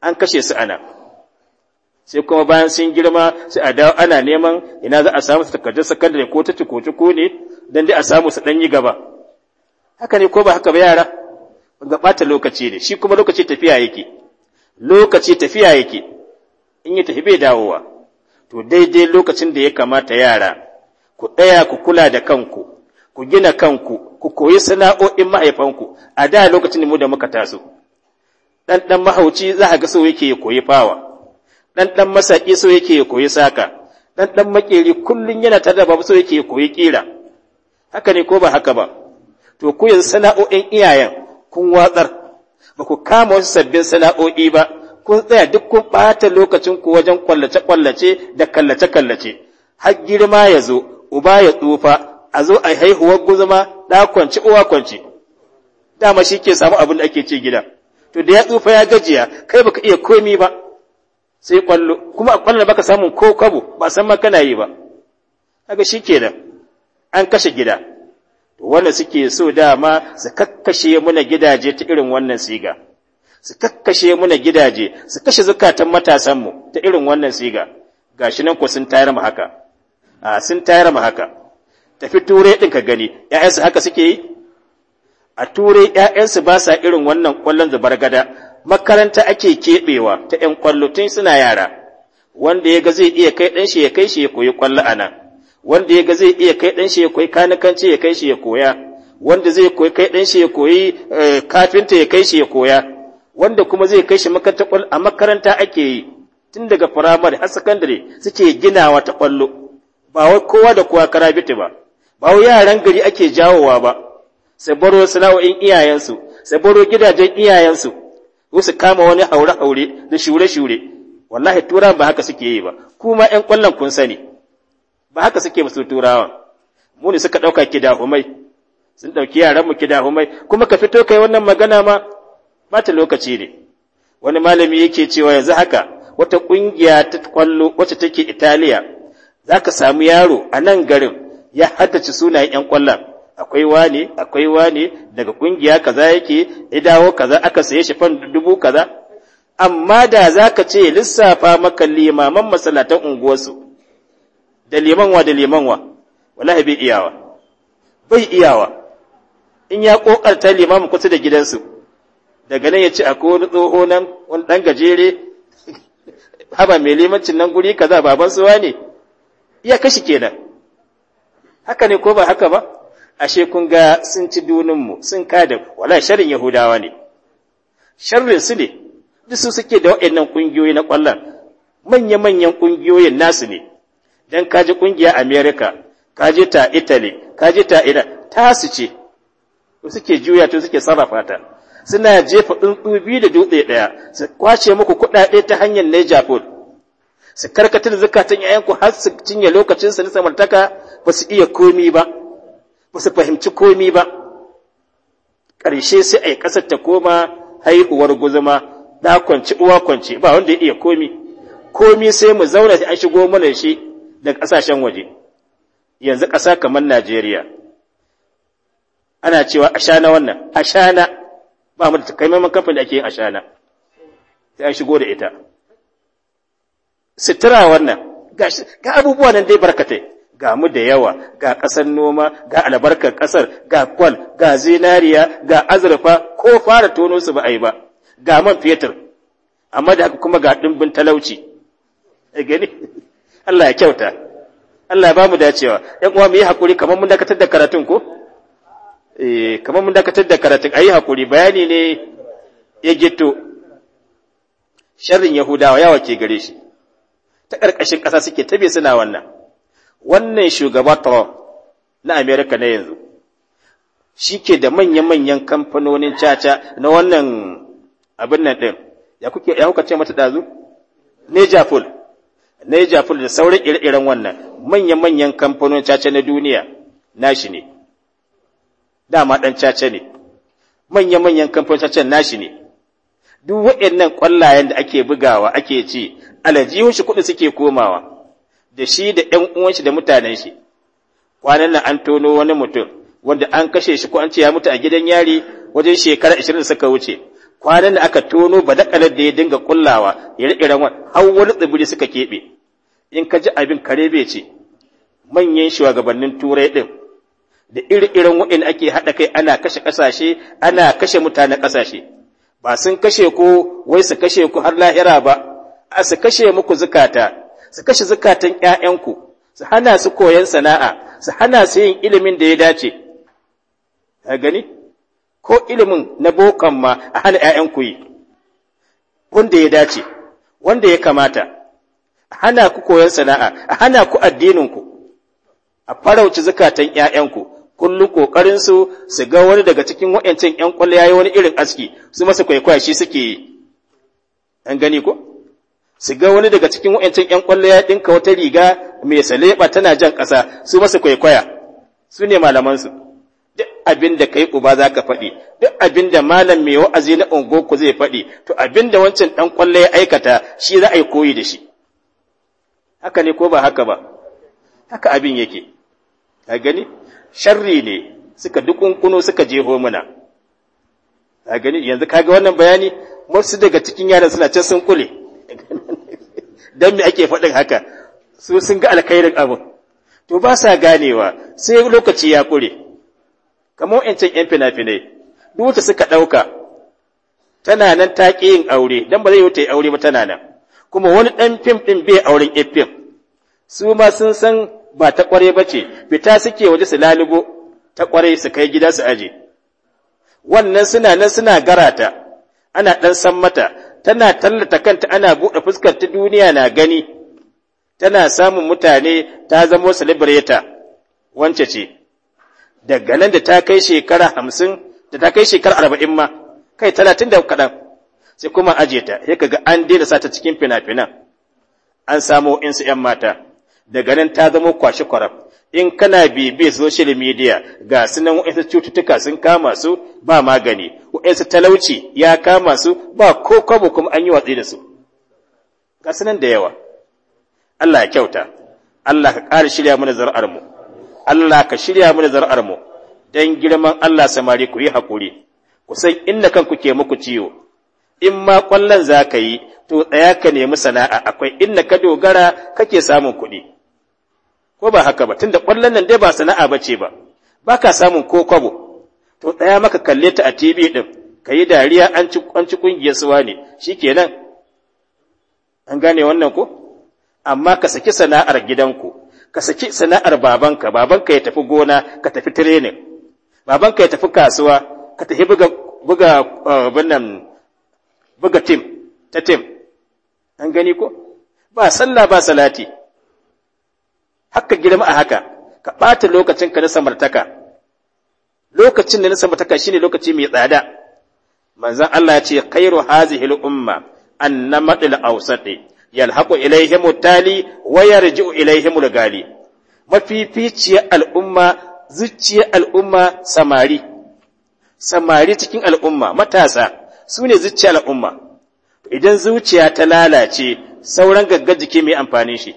an kashe su ana sai kuma bayan sun girma su a dawo ana neman ina za a samu su takardar sakandare ko ta cikoci ko ne don dai a samu su ɗan yi gaba haka ne ko ba haka ba yara ga ɓata lokaci ne shi kuma lokaci tafiya yake lokaci tafiya yake in ya tafi bai dawowa to daidai lokacin da ya kamata yara ku tsaya ku kula da kanku ku gina kanku ku koyi sana'o'in mahaifanku a da lokacin da mu da muka taso Ɗanɗan mahauci za ka ga so yake ya koyi fawa dan dan masaki so yake ya koyi saka dan dan makeri kullun yana tare da babu so yake ya koyi ƙira. haka ne ko ba haka ba to ku yanzu sana'o'in iyayen kun watsar ba ku kama wasu sabbin sana'o'i ba kun tsaya duk kun ɓata lokacin ku wajen kwallace-kwallace da kallace-kallace har girma ya zo uba ya tsufa a zo a haihuwar guzuma ɗa kwanci uwa kwanci dama shi ke samu abin da ake ce gida to da ya tsufa ya gajiya kai baka iya komi ba sai kwallo kuma a kwallon baka samun ko kwabo ba san ma kana yi ba kaga shi ke nan, an kashe gida wanda suke so dama su kakkashe muna gidaje ta irin wannan siga su kakkashe muna gidaje su kashe zukatan matasanmu ta irin wannan siga gashi nan ko sun tayar mu haka a sun tayar mu haka tafi turai ɗin ka gani ‘ya'yansu haka suke yi a turai ‘ya'yansu ba sa irin wannan ƙwallon zubar gada makaranta ake keɓewa ta ‘yan ƙwallo tun suna yara wanda ya ga zai iya kai ɗan shi ya kai shi ya koyi ƙwallo a nan wanda ya ga zai iya kai ɗan shi ya koyi kanikanci ya kai shi ya koya wanda zai koyi kai ɗan shi ya koyi eh, kafinta ya kai shi ya koya wanda kuma zai kai shi makaranta a makaranta ake yi tun daga firamare har sakandare suke ginawa ta kwallo ba wai kowa da kowa karabiti ba ba wai yaran gari ake jawowa ba sai baro sana'o'in iyayensu sai baro gidajen iyayensu ko su kama wani haure-haure da shure-shure wallahi tura ba haka suke yi ba kuma ƴan kwallon kun sani ba haka suke musu turawan mu ne suka ɗauka kidahumai sun ɗauki yaran mu kidahumai kuma ka fito kai wannan magana ma bata lokaci ne wani malami yake cewa yanzu haka wata kungiya ta kwallo wacce take Italiya zaka samu yaro a nan garin ya haddace sunayen yan kwallon akwai wani akwai wani daga kungiya kaza yake ya dawo kaza aka saye shi fan dubu kaza amma da zaka ce lissafa maka limaman masalatan unguwarsu da limanwa da limanwa wallahi bai iyawa bai iyawa in ya kokarta limamin kusa da gidansu daga nan ya ce akwai wani tsoho nan wani ɗan gajere <laughs> haba mai limancin nan guri kaza baban suwa ne iya kashi kenan haka ne ko ba haka ba ashe kun ga sun ci duninmu sun kada wala sharin yahudawa ne sharrin su ne duk su suke da waɗannan ƙungiyoyi na ƙwallon manya-manyan ƙungiyoyin nasu ne don kaji ƙungiya ka ji ta italy ji ta ta tasu ce suke juya to suke sarrafa ta suna jefa tsuntsu biyu da dutse ɗaya su kwace muku kuɗaɗe ta hanyar leja food su karkatar zukatan yayanku har su cinye lokacinsu na samartaka ba su iya komi ba ba su fahimci komi ba ƙarshe sai a yi ƙasar ta koma haihuwar guzuma da kwanci uwa kwanci ba wanda ya iya komi komi sai mu zauna sai an shigo mana shi daga ƙasashen waje yanzu ƙasa kamar najeriya ana cewa ashana wannan ashana ba mu da takamaiman kamfani da ake yin ashana sai an shigo da ita sutura wannan ga abubuwa nan dai barkatai ga mu da yawa ga ƙasar noma ga albarkar ƙasar ga kwal ga zinariya ga azurfa ko fara tono su ba a yi ba ga man fetur amma da kuma ga dimbin talauci gani <laughs> Allah ya kyauta Allah ya ba mu dacewa ɗan uwa mu yi hakuri kamar mun dakatar da karatun ko e kamar mun dakatar da karatun ayi hakuri bayani ne ya gito sharrin yahudawa yawa ke gare shi ta ƙarƙashin ƙasa suke tabe suna wannan wannan shugaba Trump na America na yanzu shi ke da manya-manyan kamfanonin caca na wannan abin nan ɗin ya kuke ya kuka ce mata ɗazu Neja Pool da sauran ire-iren wannan manya-manyan kamfanonin caca na duniya nashi ne dama ɗan caca ne manya-manyan kamfanin cacen nashi ne duk waɗannan kwallayen da ake bugawa ake ci alaji shi kuɗi suke komawa da shi da ƴan uwan shi da mutanen shi kwanan nan an tono wani mutum wanda an kashe shi ko an ce ya mutu a gidan yari wajen shekara 20 suka wuce kwanan nan aka tono ba da ya dinga kullawa ire-iren wani har wani tsibiri suka keɓe in ka ji abin kare bai ce manyan shugabannin turai din. da iri-irin waɗanda ake haɗa kai ana kashe ƙasashe ana kashe mutanen ƙasashe ba sun kashe ku wai su kashe ku har lahira ba a su kashe muku zukata su kashe zukatan 'ya'yanku su hana su koyon sana'a su hana su yin ilimin da ya dace a gani ko ilimin na bokan ma a hana 'ya'yanku yi wanda ya dace wanda ya kamata a hana ku koyon sana'a a hana ku addininku a farauci zukatan 'ya'yanku. kullum kokarin su su ga wani daga cikin yan ƴan ya yayi wani irin aski su masa kwaikwaya shi suke yi an gani ko su ga wani daga cikin wa’yancin ƴan kwallo ya dinka wata riga mai saleba tana jan ƙasa su masa kwaikwaya su ne malaman su duk abin da kai uba za ka faɗi duk abin da malam mai wa'azi na ungoku zai faɗi to abin da wancan ɗan ƙwallo ya aikata shi za a yi koyi da shi haka ne ko ba haka ba haka abin yake a gani sharri ne suka dukunkuno suka jeho muna a gani yanzu kaga wannan bayani wasu daga cikin yaran suna can sun kule <laughs> don me ake faɗin haka su sun ga alkhairin abin to ba sa ganewa sai lokaci ya kure kamar yancan yan fina-finai duk suka ɗauka tana nan ta ƙi yin aure don ba zai wuta yi aure ba tana nan kuma wani ɗan fim ɗin bai auren fim su ma sun san ba ta kware ba ce fita suke waje su lalubo ta kware su kai gida su aje wannan suna nan suna garata ana ɗan san mata tana tallata kanta ana buɗe fuskar ta duniya na gani tana samun mutane ta zamo celebrata wance ce daga nan da ta kai shekara hamsin da ta kai shekara arba'in ma kai talatin da kaɗan sai kuma aje ta sai kaga an daina sa ta cikin fina-finan an samo su 'yan mata daga nan ta zama kwashi kwarab in kana bibi social media ga sunan wa'insu cututtuka sun kama su ba magani wa'insu talauci ya kama su ba ko kwabo kuma an yi watsi da su ga sunan da yawa Allah ya kyauta Allah ka ƙara shirya mana zar'ar mu Allah ka shirya mana zar'ar mu dan girman Allah samari ku yi hakuri ku san inda kanku ke muku ciwo in ma kwallon za ka yi to tsaya ka nemi sana'a akwai inda ka dogara kake samun kuɗi ko ba haka ba tunda ƙwallon nan dai ba sana'a ba ce ba ba ka samun ko kwabo to ɗaya maka kalle ta a tv ɗin ka yi dariya an ci ƙungiyar suwa ne shi kenan an gane wannan ko amma ka saki sana'ar gidanku ka saki sana'ar babanka babanka ya tafi gona ka tafi training babanka ya tafi kasuwa ka tafi buga buga eh, bannan buga team ta team an gani ko ba sallah ba salati haka girma a haka ka ɓata lokacin na samartaka lokacin da na samartaka shine lokaci mai tsada manzon Allah ya ce khairu hazihi al-umma annamadul awsati yalhaqu ilaihim tali wa yarji'u ilaihim al-gali mafificiyar al'umma zuciyar al'umma samari samari cikin al'umma matasa sune ne zuciyar al'umma idan zuciya ta lalace sauran gaggar jiki mai amfani shi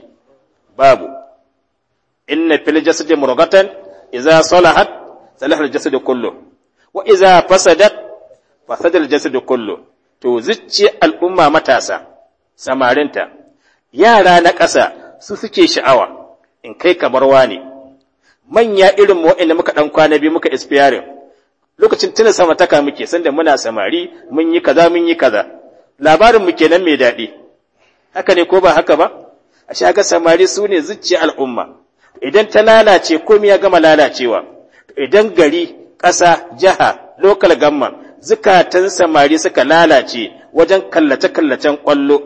babu inna fil jasadi murghatan idza salahat salaha al jasadu kullu wa idza fasadat fasada al jasadu kullu to zuciya al'umma matasa samarinta yara na ƙasa su suke sha'awa in kai kamar wani. manya irin mu waɗanda muka dan kwana biyu muka expiring lokacin tuna taka muke sanda muna samari mun yi kaza mun yi kaza labarin mu kenan mai daɗi haka ne ko ba haka ba a shaga samari su ne zuciyar al'umma idan ta lalace komai ya gama lalacewa idan gari ƙasa jiha lokal gamma, zukatan samari suka lalace wajen kallace-kallacen ƙwallo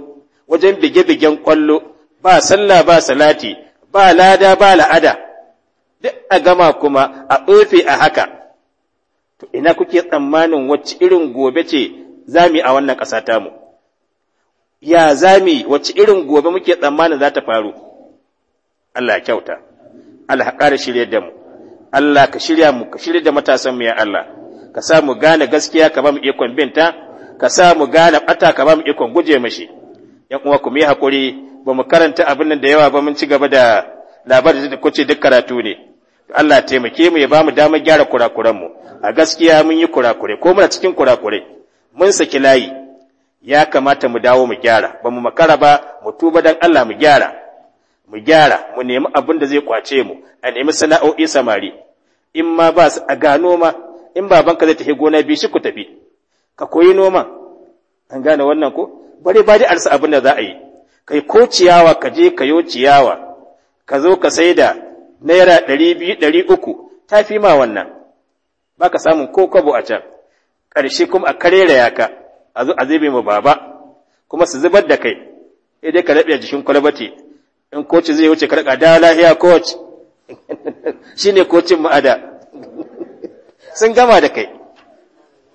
wajen bige-bigen ƙwallo ba sallah ba salati ba lada ba la'ada duk a gama kuma a ofe a haka to ina kuke tsammanin wacce irin gobe ce zami a wannan ƙasa tamu ya zami wacce irin gobe muke tsammanin za ta faru Allah kyauta Allah ƙara shirya da mu Allah ka shirya mu ka shirya da matasan mu ya Allah ka sa mu gane gaskiya ka ba mu ikon binta ka sa mu gane bata ka ba mu ikon guje mashi yan uwa ku mu yi hakuri ba mu karanta abin nan da yawa ba mun ci gaba da labarin da kuce duk karatu ne Allah taimake mu ya ba mu damar gyara kurakuran mu a gaskiya mun yi kurakure ko muna cikin kurakure mun saki layi ya kamata mu dawo mu gyara ba mu makara ba mu tuba dan Allah mu gyara mu gyara mu nemi abin da zai kwace mu a nemi sana'o'i samari in ma ba su a ga noma in babanka zai tafi gona bi shi ku tafi ka koyi noma an gane wannan ko bare ba da arsa abin da za a yi kai ko ciyawa ka je ka yo ciyawa ka zo ka sai da naira ɗari biyu ɗari uku ta fi ma wannan ba ka samun ko kwabo a can ƙarshe kuma a kareraya ka a zo a zube mu baba kuma su zubar da kai idan ka rabe jikin kwalbati in koci zai wuce karka da lahiya <laughs> shi ne kocin ma'ada <laughs> sun gama da kai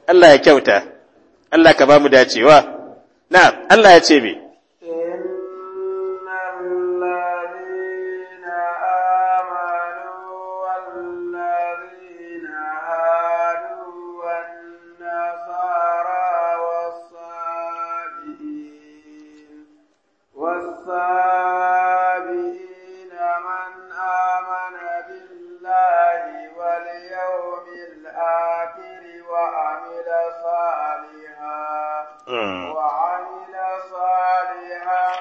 Allah ya kyauta Allah ka ba mu dacewa na Allah ya ce me Mm. وعمل صالحا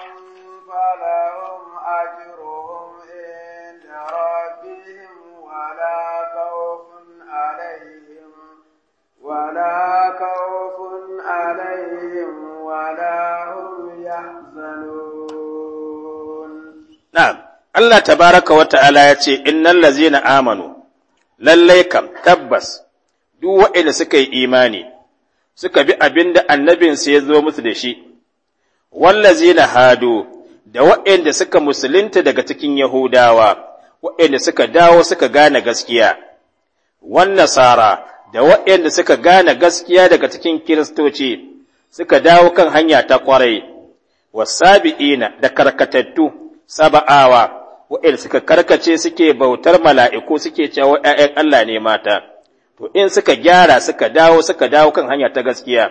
فلهم أجرهم عند ربهم ولا خوف عليهم ولا خوف عليهم ولا هم يحزنون نعم Allah tabaraka wa ta’ala ya ce, Innan lazina amanu, lallai kam, tabbas, duk waɗanda suka yi imani, suka bi abin da annabinsu ya zo musu da shi, wallazi na hado da waanda suka musulunta daga cikin Yahudawa, wayanda suka dawo suka gane gaskiya, wannan Sara da wayanda suka gane gaskiya daga cikin Kiristoci suka dawo kan hanya ta kwarai wasabi'ina da karkatattu saba'awa, wayanda suka karkace suke bautar mala'iku suke cewa ‘ya'yan Allah ne mata. to in suka gyara suka dawo suka dawo kan hanya ta gaskiya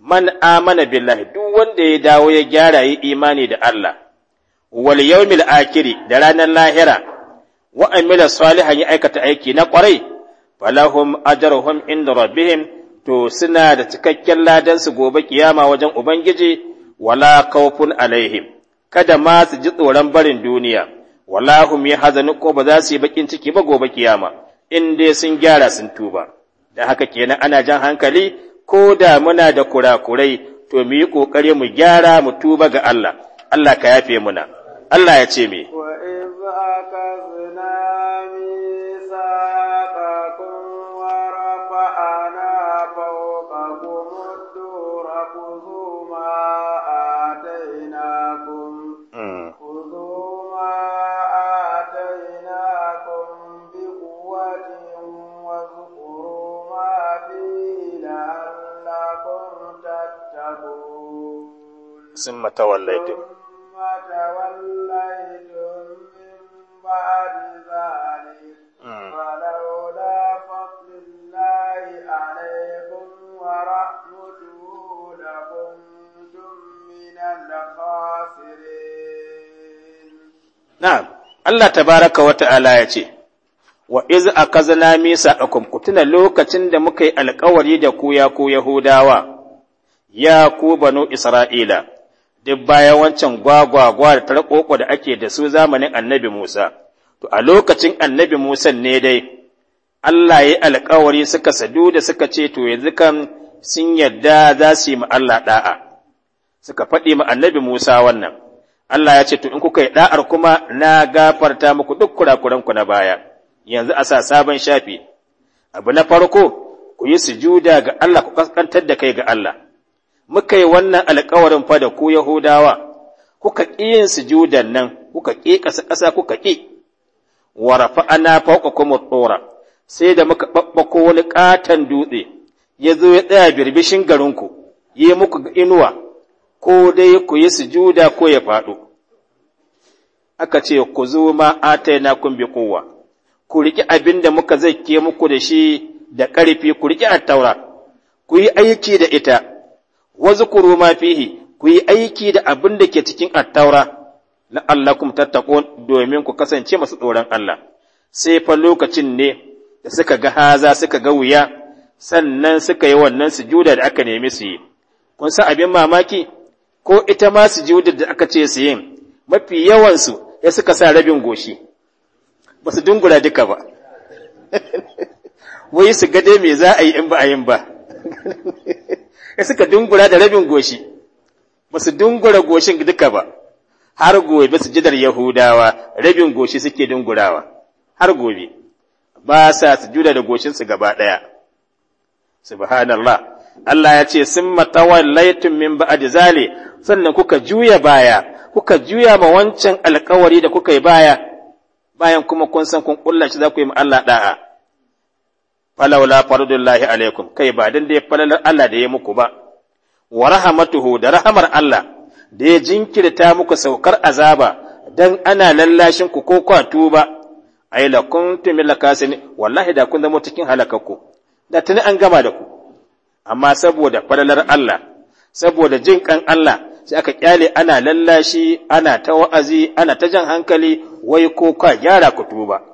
man amana billahi duk wanda ya dawo ya gyara yi imani da Allah wal yawmil akhir da ranar lahira wa amila salihan ya aikata aiki na kwarai falahum ajruhum inda rabbihim to suna da cikakken ladan su gobe kiyama wajen ubangiji wala khawfun alaihim kada ma su ji tsoron barin duniya wala hum hazanu ko ba za su yi bakin ciki ba gobe kiyama in dai sun gyara sun tuba da haka kenan ana jan hankali ko da muna da kurakurai to mu yi kokari mu gyara mu tuba ga Allah Allah ka yafe muna Allah ya ce me wa iz akazna misaq summa tawallaytum Na’am, Allah ta baraka wa ta’ala ya ce, Wa izu a kaza na misa a kumkutuna lokacin da muka yi alkawari da kuya ku Yahudawa, ya ku banu Isra’ila. duk bayan wancan gwagwagwa da tarkoko da ake da su zamanin annabi Musa. To, a lokacin annabi Musa ne dai, Allah ya yi alkawari suka sadu da suka ce, To, yanzu kan sun yarda za su yi ma Allah ɗa'a, suka faɗi ma annabi Musa wannan. Allah ya ce, To, in kuka yi ɗa'ar kuma na gafarta muku duk kurakuranku na baya, yanzu a sa sabon shafi. Abu na farko, ku yi sujuda ga Allah, ku kaskantar da kai ga Allah. muka yi wannan alkawarin fa da ku Yahudawa, kuka ƙi yin sujudan nan, kuka ƙi ƙasa ƙasa kuka ƙi, wa rafa'ana fauka kuma tsora, sai da muka ɓaɓɓako wani ƙaton dutse, ya zo ya tsaya birbishin garinku, yi muku inuwa, ko dai ku yi sujuda ko ya faɗo. Aka ce, ku zo ma ataina kun bi kowa, ku riƙi abin da muka zai ke muku da shi da ƙarfi, ku riƙi attaura, ku yi aiki da ita, wa zukuru ma fihi ku yi aiki da abin da ke cikin attaura allakum tattaqun domin ku kasance masu tsoron Allah sai fa lokacin ne da suka ga haza suka ga wuya sannan suka yi wannan sujuda da aka nemi su yi kun san abin mamaki ko ita ma sujudar da aka ce su yi mafi su ya suka sa rabin goshi ba su dungura duka ba <laughs> wai su ga dai me za a yi in ba a yin ba <laughs> sai suka dungura da rabin goshi ba su dungura goshin duka ba har gobe su jidar yahudawa rabin goshi suke dungurawa har gobe ba sa su juda da goshinsu gaba ɗaya subhanallah Allah ya ce sun laitun min ba zali sannan kuka juya baya kuka juya ma wancan alkawari da kuka yi baya bayan kuma kun san kun kullace za ku yi ma Allah ɗa'a. falaula fardullahi alaikum kai ba dan da ya falalar Allah da ya muku ba wa rahmatuhu da rahamar Allah da ya jinkirta muku saukar azaba dan ana lallashin ku ko kwa tuba ai la kuntum min lakasin wallahi da kun zama cikin halakakku da tuni an gama da ku amma saboda falalar Allah saboda jin Allah sai aka kyale ana lallashi ana ta wa'azi ana ta jan hankali wai ko kwa gyara ku tuba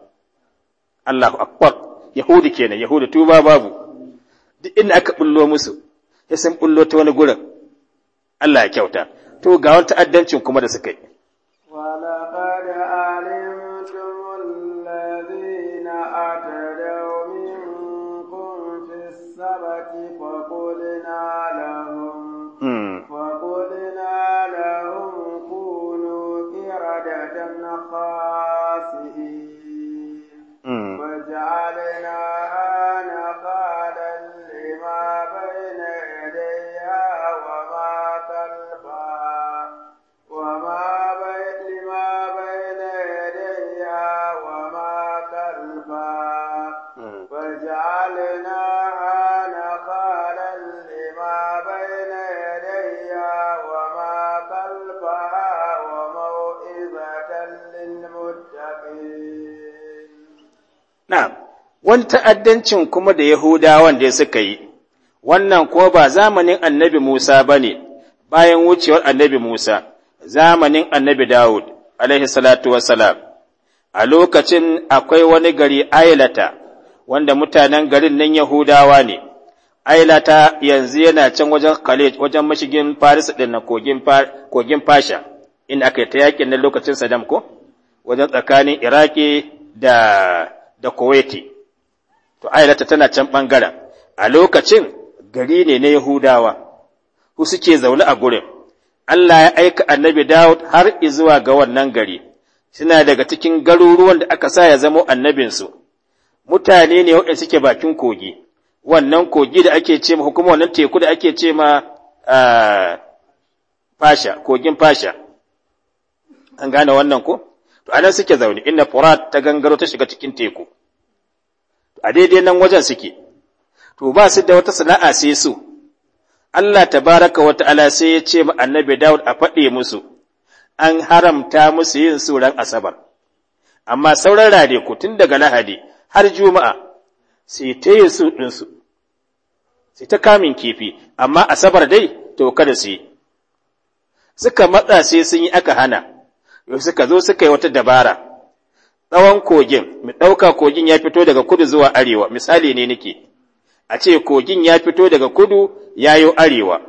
Allahu akbar yahudi kenan yahudi tuba babu duk inda aka bullo musu ya san bullo ta wani gurin Allah ya kyauta to ga wani ta'addancin kuma da suka yi i Babban ta'addancin kuma da Yahudawan da suka yi, wannan ko ba zamanin annabi Musa ba ne, bayan wucewar annabi Musa, zamanin annabi Dawud, alaihi salatu wassalam. A lokacin akwai wani gari Ailata, wanda mutanen garin nan Yahudawa ne, Ailata yanzu yana can wajen Khalid, wajen mashigin Faris ɗin na kogin Fasha, in aka yi ta yakin na lokacin Saddam ko? Wajen tsakanin Iraki da da Kuwaiti. to ailata tana can ɓangaren a lokacin gari ne na yahudawa su suke zaune a gurin Allah ya aika annabi Dawud har izuwa ga wannan gari suna daga cikin garuruwan da aka sa ya zamo annabinsu mutane ne waɗanda suke bakin kogi wannan kogi da ake ce ma hukuma wannan teku da ake ce ma fasha kogin fasha an gane wannan ko to anan suke zaune inna furat ta gangaro ta shiga cikin teku a daidai nan wajen suke to ba su da wata sana'a sai su Allah ta baraka wata ala sai ya ce ma annabi Dawud a faɗe musu an haramta musu yin su asabar amma sauran rade ku tun daga lahadi har juma'a sai ta yi su ɗinsu sai ta kamin kifi amma asabar dai to kada su yi suka matsa sai sun yi aka hana yau suka zo suka yi wata dabara tsawon kogin mu ɗauka kogin ya fito daga kudu zuwa arewa misali ne nake a ce kogin ya fito daga kudu yayo arewa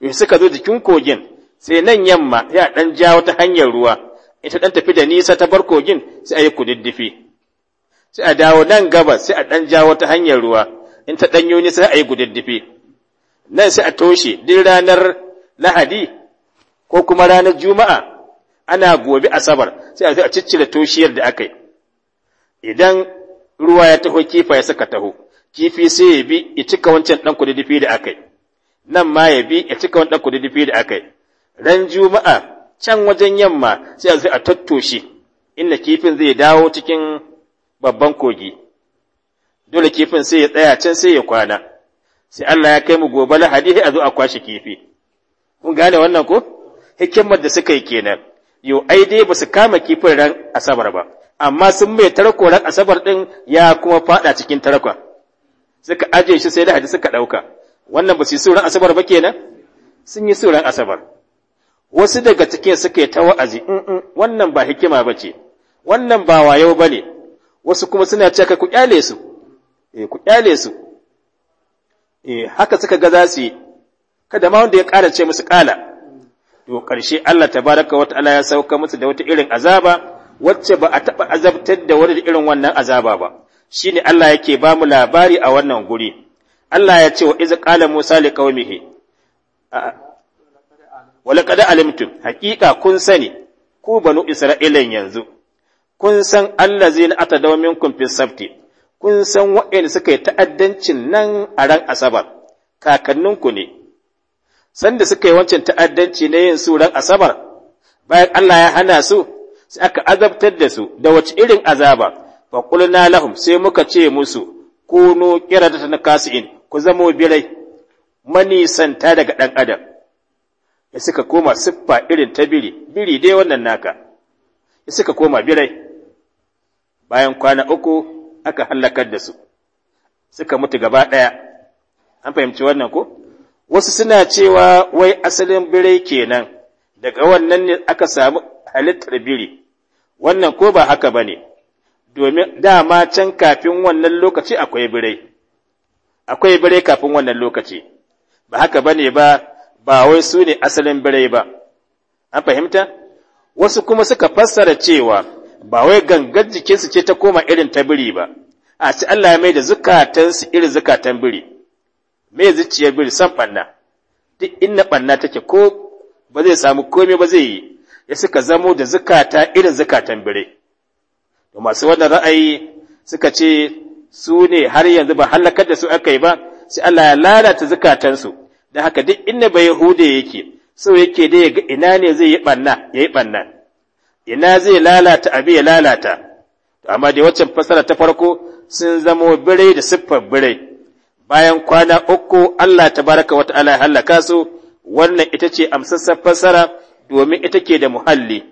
in suka zo jikin kogin sai nan yamma ya ɗan ja wata hanyar ruwa ita ɗan tafi da nisa ta bar kogin sai a yi kududdufi sai a dawo nan gabas sai a ɗan ja wata hanyar ruwa in ta ɗanyo nisa sai a yi kududdufi nan sai a toshe duk ranar lahadi ko kuma ranar juma'a ana gobe asabar sai a ciccire toshiyar da aka yi idan ruwa ya taho kifa ya saka taho kifi sai ya bi ya cika wancan ɗan kududufi da aka yi nan ma ya bi ya cika wancan ɗan da aka yi ran juma'a can wajen yamma sai a zai a inda kifin zai dawo cikin babban kogi dole kifin sai ya tsaya can sai ya kwana sai Allah ya kai mu gobe lahadi a zo a kwashe kifi kun gane wannan ko hikimar da suka yi kenan yo ai dai ba su kama kifin ran asabar ba amma sun mai tarko ran asabar din ya kuma fada cikin tarkon suka aje shi sai da hadi suka dauka wannan ba su yi suran asabar ba kenan sun yi suran asabar wasu daga cikin suka yi ta wa'azi wannan ba hikima ba ce wannan ba wayo ba ne wasu kuma suna ce ka ku kyale su eh ku kyale su eh haka suka ga za su yi kada ma wanda ya ƙara ce musu ƙala to ƙarshe Allah ta baraka wata ala ya sauka musu da wata irin azaba wacce ba a taɓa azabtar da wani irin wannan azaba ba Shi ne Allah yake ba mu labari a wannan guri Allah ya ce wa iz qala Musa li qaumihi wa laqad alimtum haqiqa kun sani ku banu Isra'ila yanzu kun san allazina atadaw minkum kumfin sabti kun san wa'in suka yi ta'addancin nan a ran asabar kakanninku ne sanda suka yi wancan ta'addanci na yin suran asabar bayan Allah ya hana su sai aka azabtar da su da wace irin azaba fa qulna lahum sai muka ce musu kunu qiradatan kasiin ku zamo birai mani, santa daga dan adam ya suka koma siffa irin ta biri biri dai wannan naka ya suka koma birai bayan kwana uku aka halakar da su suka mutu gaba daya an fahimci wannan ko wasu suna cewa wai asalin birai kenan daga wannan ne aka samu halittar biri wannan ko ba haka ba ne domin dama can kafin wannan lokaci akwai birai akwai birai kafin wannan lokaci ba haka ba ne ba ba wai su ne asalin birai ba an fahimta wasu kuma suka fassara cewa ba wai gangar jikinsu ce ta koma irin ta biri ba a ci Allah ya mai da zukatansu irin zukatan biri Mai zuciyar biri san ɓanna duk inna ɓanna take ko ba zai samu komai ba zai yi ya suka zamo da zukata irin zukatan bire to masu wannan ra'ayi suka ce su ne har yanzu ba halakar da su aka yi ba sai Allah ya lalata zukatansu da haka duk inda bai yahude yake so yake da ga ina ne zai yi banna yi banna ina zai lalata abi ya lalata amma da waccan fasara ta farko sun zamo bire da siffar bire. bayan kwana uku Allah ta baraka wa ta'ala halaka su wannan ita ce amsassar fassara domin ita ke da muhalli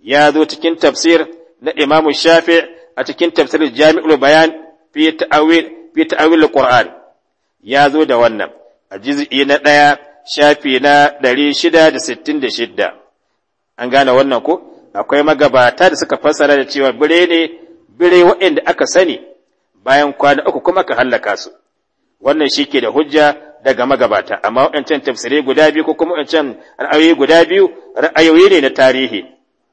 ya zo cikin tafsir na Imam Shafi a cikin tafsir Jami'ul Bayan fi ta'awil Qur'an ya zo da wannan a jizi na ɗaya shafi na shida da da sittin shida. an gane wannan ko akwai magabata da suka fassara da cewa bire ne bire waɗanda aka sani bayan kwana uku kuma ka hallaka su wannan shi ke da hujja daga magabata amma waɗancan tafsirai guda biyu ko kuma waɗancan ra'ayoyi guda biyu ra'ayoyi ne na tarihi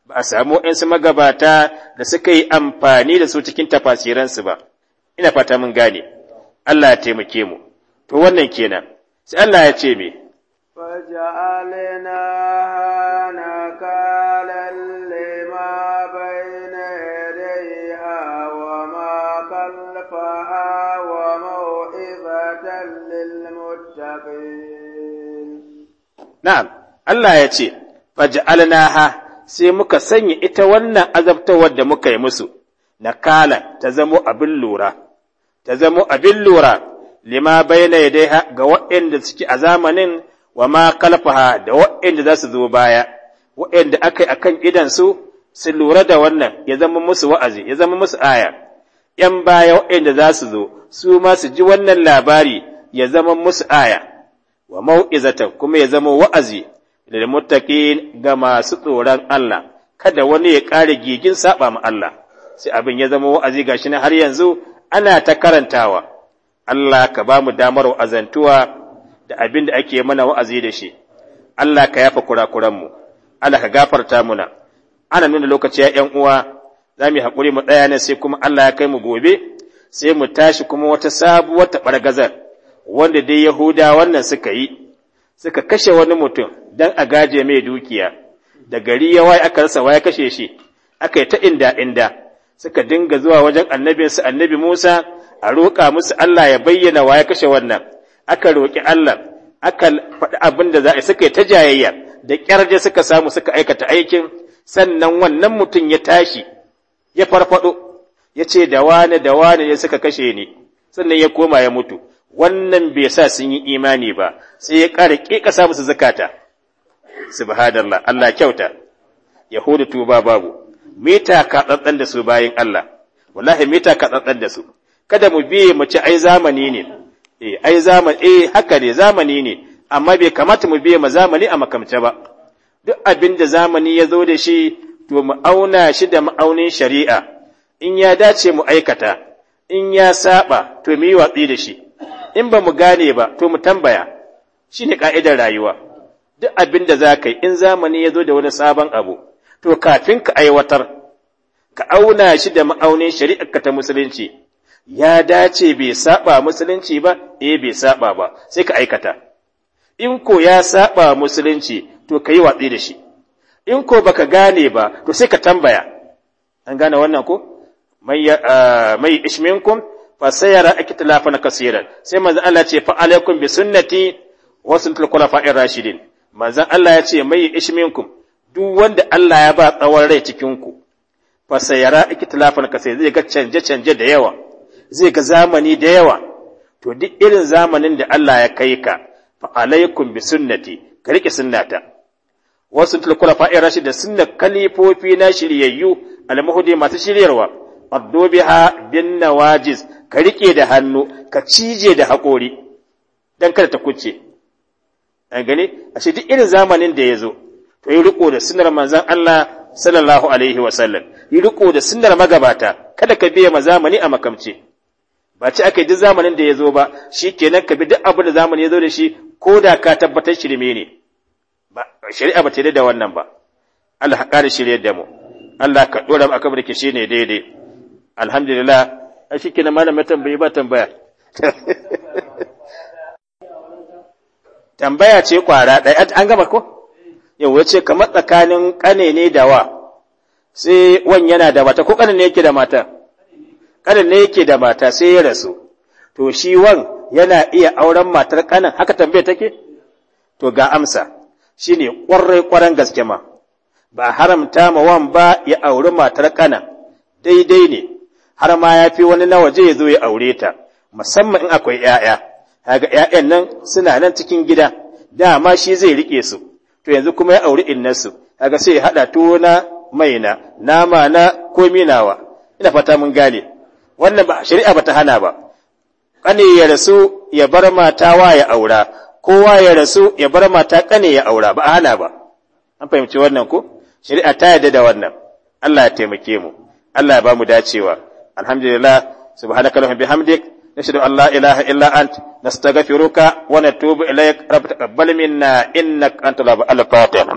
ba a samu waɗansu magabata da suka yi amfani da su cikin tafasiransu ba ina fata mun gane Allah ya taimake mu to wannan kenan sai Allah ya ce me na'am Allah ya ce faj'alnaha sai muka sanya ita wannan azabtawar da muka yi musu na kala ta zamo abin lura ta zamo abin lura lima bayyana yadaiha ga waɗanda suke a zamanin wa ma kalfaha da waɗanda za su zo baya waɗanda aka yi akan idansu su lura da wannan ya zama musu wa'azi ya zama musu aya ‘yan baya waɗanda za su zo, su ma su ji wannan labari ya zama musu aya, wa mau'izata kuma ya zama wa'azi lil muttaqin ga masu tsoron Allah kada wani ya kare gigin saba ma Allah sai abin ya zama wa'azi gashi na har yanzu ana ta karantawa Allah ka ba mu damar wa'azantuwa da abin da ake mana wa'azi da shi Allah ka yafa kurakuran mu Allah ka gafarta muna ana nuna lokaci ya ƴan uwa za mu yi haƙuri mu tsaya ne sai kuma Allah ya kai mu gobe sai mu tashi kuma wata sabuwar taɓargazar wanda dai Yahuda wannan suka yi, suka kashe wani mutum don a gaje mai dukiya, da gari ya waye aka rasa waye kashe shi, aka yi ta inda inda, suka dinga zuwa wajen annabinsu annabi Musa, a roƙa musu Allah ya bayyana waye kashe wannan, aka roƙi Allah, aka faɗi abin da za a suka yi ta jayayya, da ƙyarje suka samu suka aikata aikin, sannan wannan mutum ya tashi, ya farfaɗo, ya ce da wane da wane ne suka kashe ni, sannan ya koma ya mutu. wannan bai sa sun yi imani ba sai ya ƙara ƙiƙasa musu zakata subhanallah Allah kyauta yahudu tuba babu mita ka tsantsan da su bayin Allah wallahi mita ka tsantsan da su kada mu biye mu ci ai zamani ne eh ai zamani eh haka ne zamani ne amma bai kamata mu biye ma zamani a makamce ba duk abin da zamani ya zo da shi to mu auna shi da ma'aunin shari'a in ya dace mu aikata in ya saba to mu yi watsi da shi in ba mu gane ba to mu tambaya shi ne ƙa'idar rayuwa duk abin da za ka yi in zamani ya zo da wani sabon abu to kafin ka aiwatar ka auna shi da ma'aunin shari'ar ka ta musulunci ya dace bai saba musulunci ba eh bai saba ba sai ka aikata in ko ya saba musulunci to ka yi watsi da shi in ko baka gane ba to sai ka tambaya an gane wannan ko mai ah, ishminkum fa sayara ikhtilafan sai manzo Allah ce fa alaikum bi sunnati wa sunnatul khulafa'ir rashidin manzo Allah ya ce mai ishminkum duk wanda Allah ya ba tsawon rai cikin ku fa sayara ikhtilafan zai ga canje canje da yawa zai ga zamani da yawa to duk irin zamanin da Allah ya kai ka fa alaikum bi sunnati ka rike sunnata wasu sunnatul in rashi da sunna kalifofi na shiryayyu al al-muhdi masu shiryarwa biha bin nawajiz ka riƙe da hannu ka cije da haƙori don kada ta kuce an gani a duk irin zamanin da ya zo to yi riƙo da sunar manzan Allah sallallahu alaihi wa sallam yi riko da sunar magabata kada ka biya ma zamani a makamce ba ci aka yi duk zamanin da ya zo ba shi kenan ka bi duk abin da zamani ya zo da shi ko da ka tabbatar shirme ne ba shari'a ba ta da wannan ba Allah ka ƙara shiryar da mu Allah ka ɗora mu akan da ke shi ne daidai alhamdulillah a shi malam ya tambaye ba tambaya tambaya ce kwara ɗaya an gama ko yau wace kamar tsakanin ƙane ne da wa sai wan yana da mata ko ƙane ne yake da mata ƙane ne yake da mata sai ya rasu to shi wan yana iya auren matar ƙanan haka tambaya take to ga amsa shine ƙwarai ƙwaran gaske ma ba haramta ma wan ba ya auri matar ƙanan daidai ne har ma ya fi wani na waje ya zo ya aure ta musamman in akwai ‘ya'ya kaga ‘ya'yan nan suna nan cikin gida dama shi zai riƙe su to yanzu kuma ya auri innarsu kaga sai ya haɗa tuwo na mai na nama na komi nawa ina fata mun gane wannan ba shari'a bata hana ba kane ya rasu ya bar mata wa ya aura kowa ya rasu ya bar mata kane ya aura ba a hana ba an fahimci wannan ko shari'a ta yarda da wannan Allah ya taimake mu Allah ya ba mu dacewa alhamdulillah subhanaka allahumma bihamdik nashhadu an la ilaha illa ant nastaghfiruka wa natubu ilaik rabb taqabbal minna innaka antal al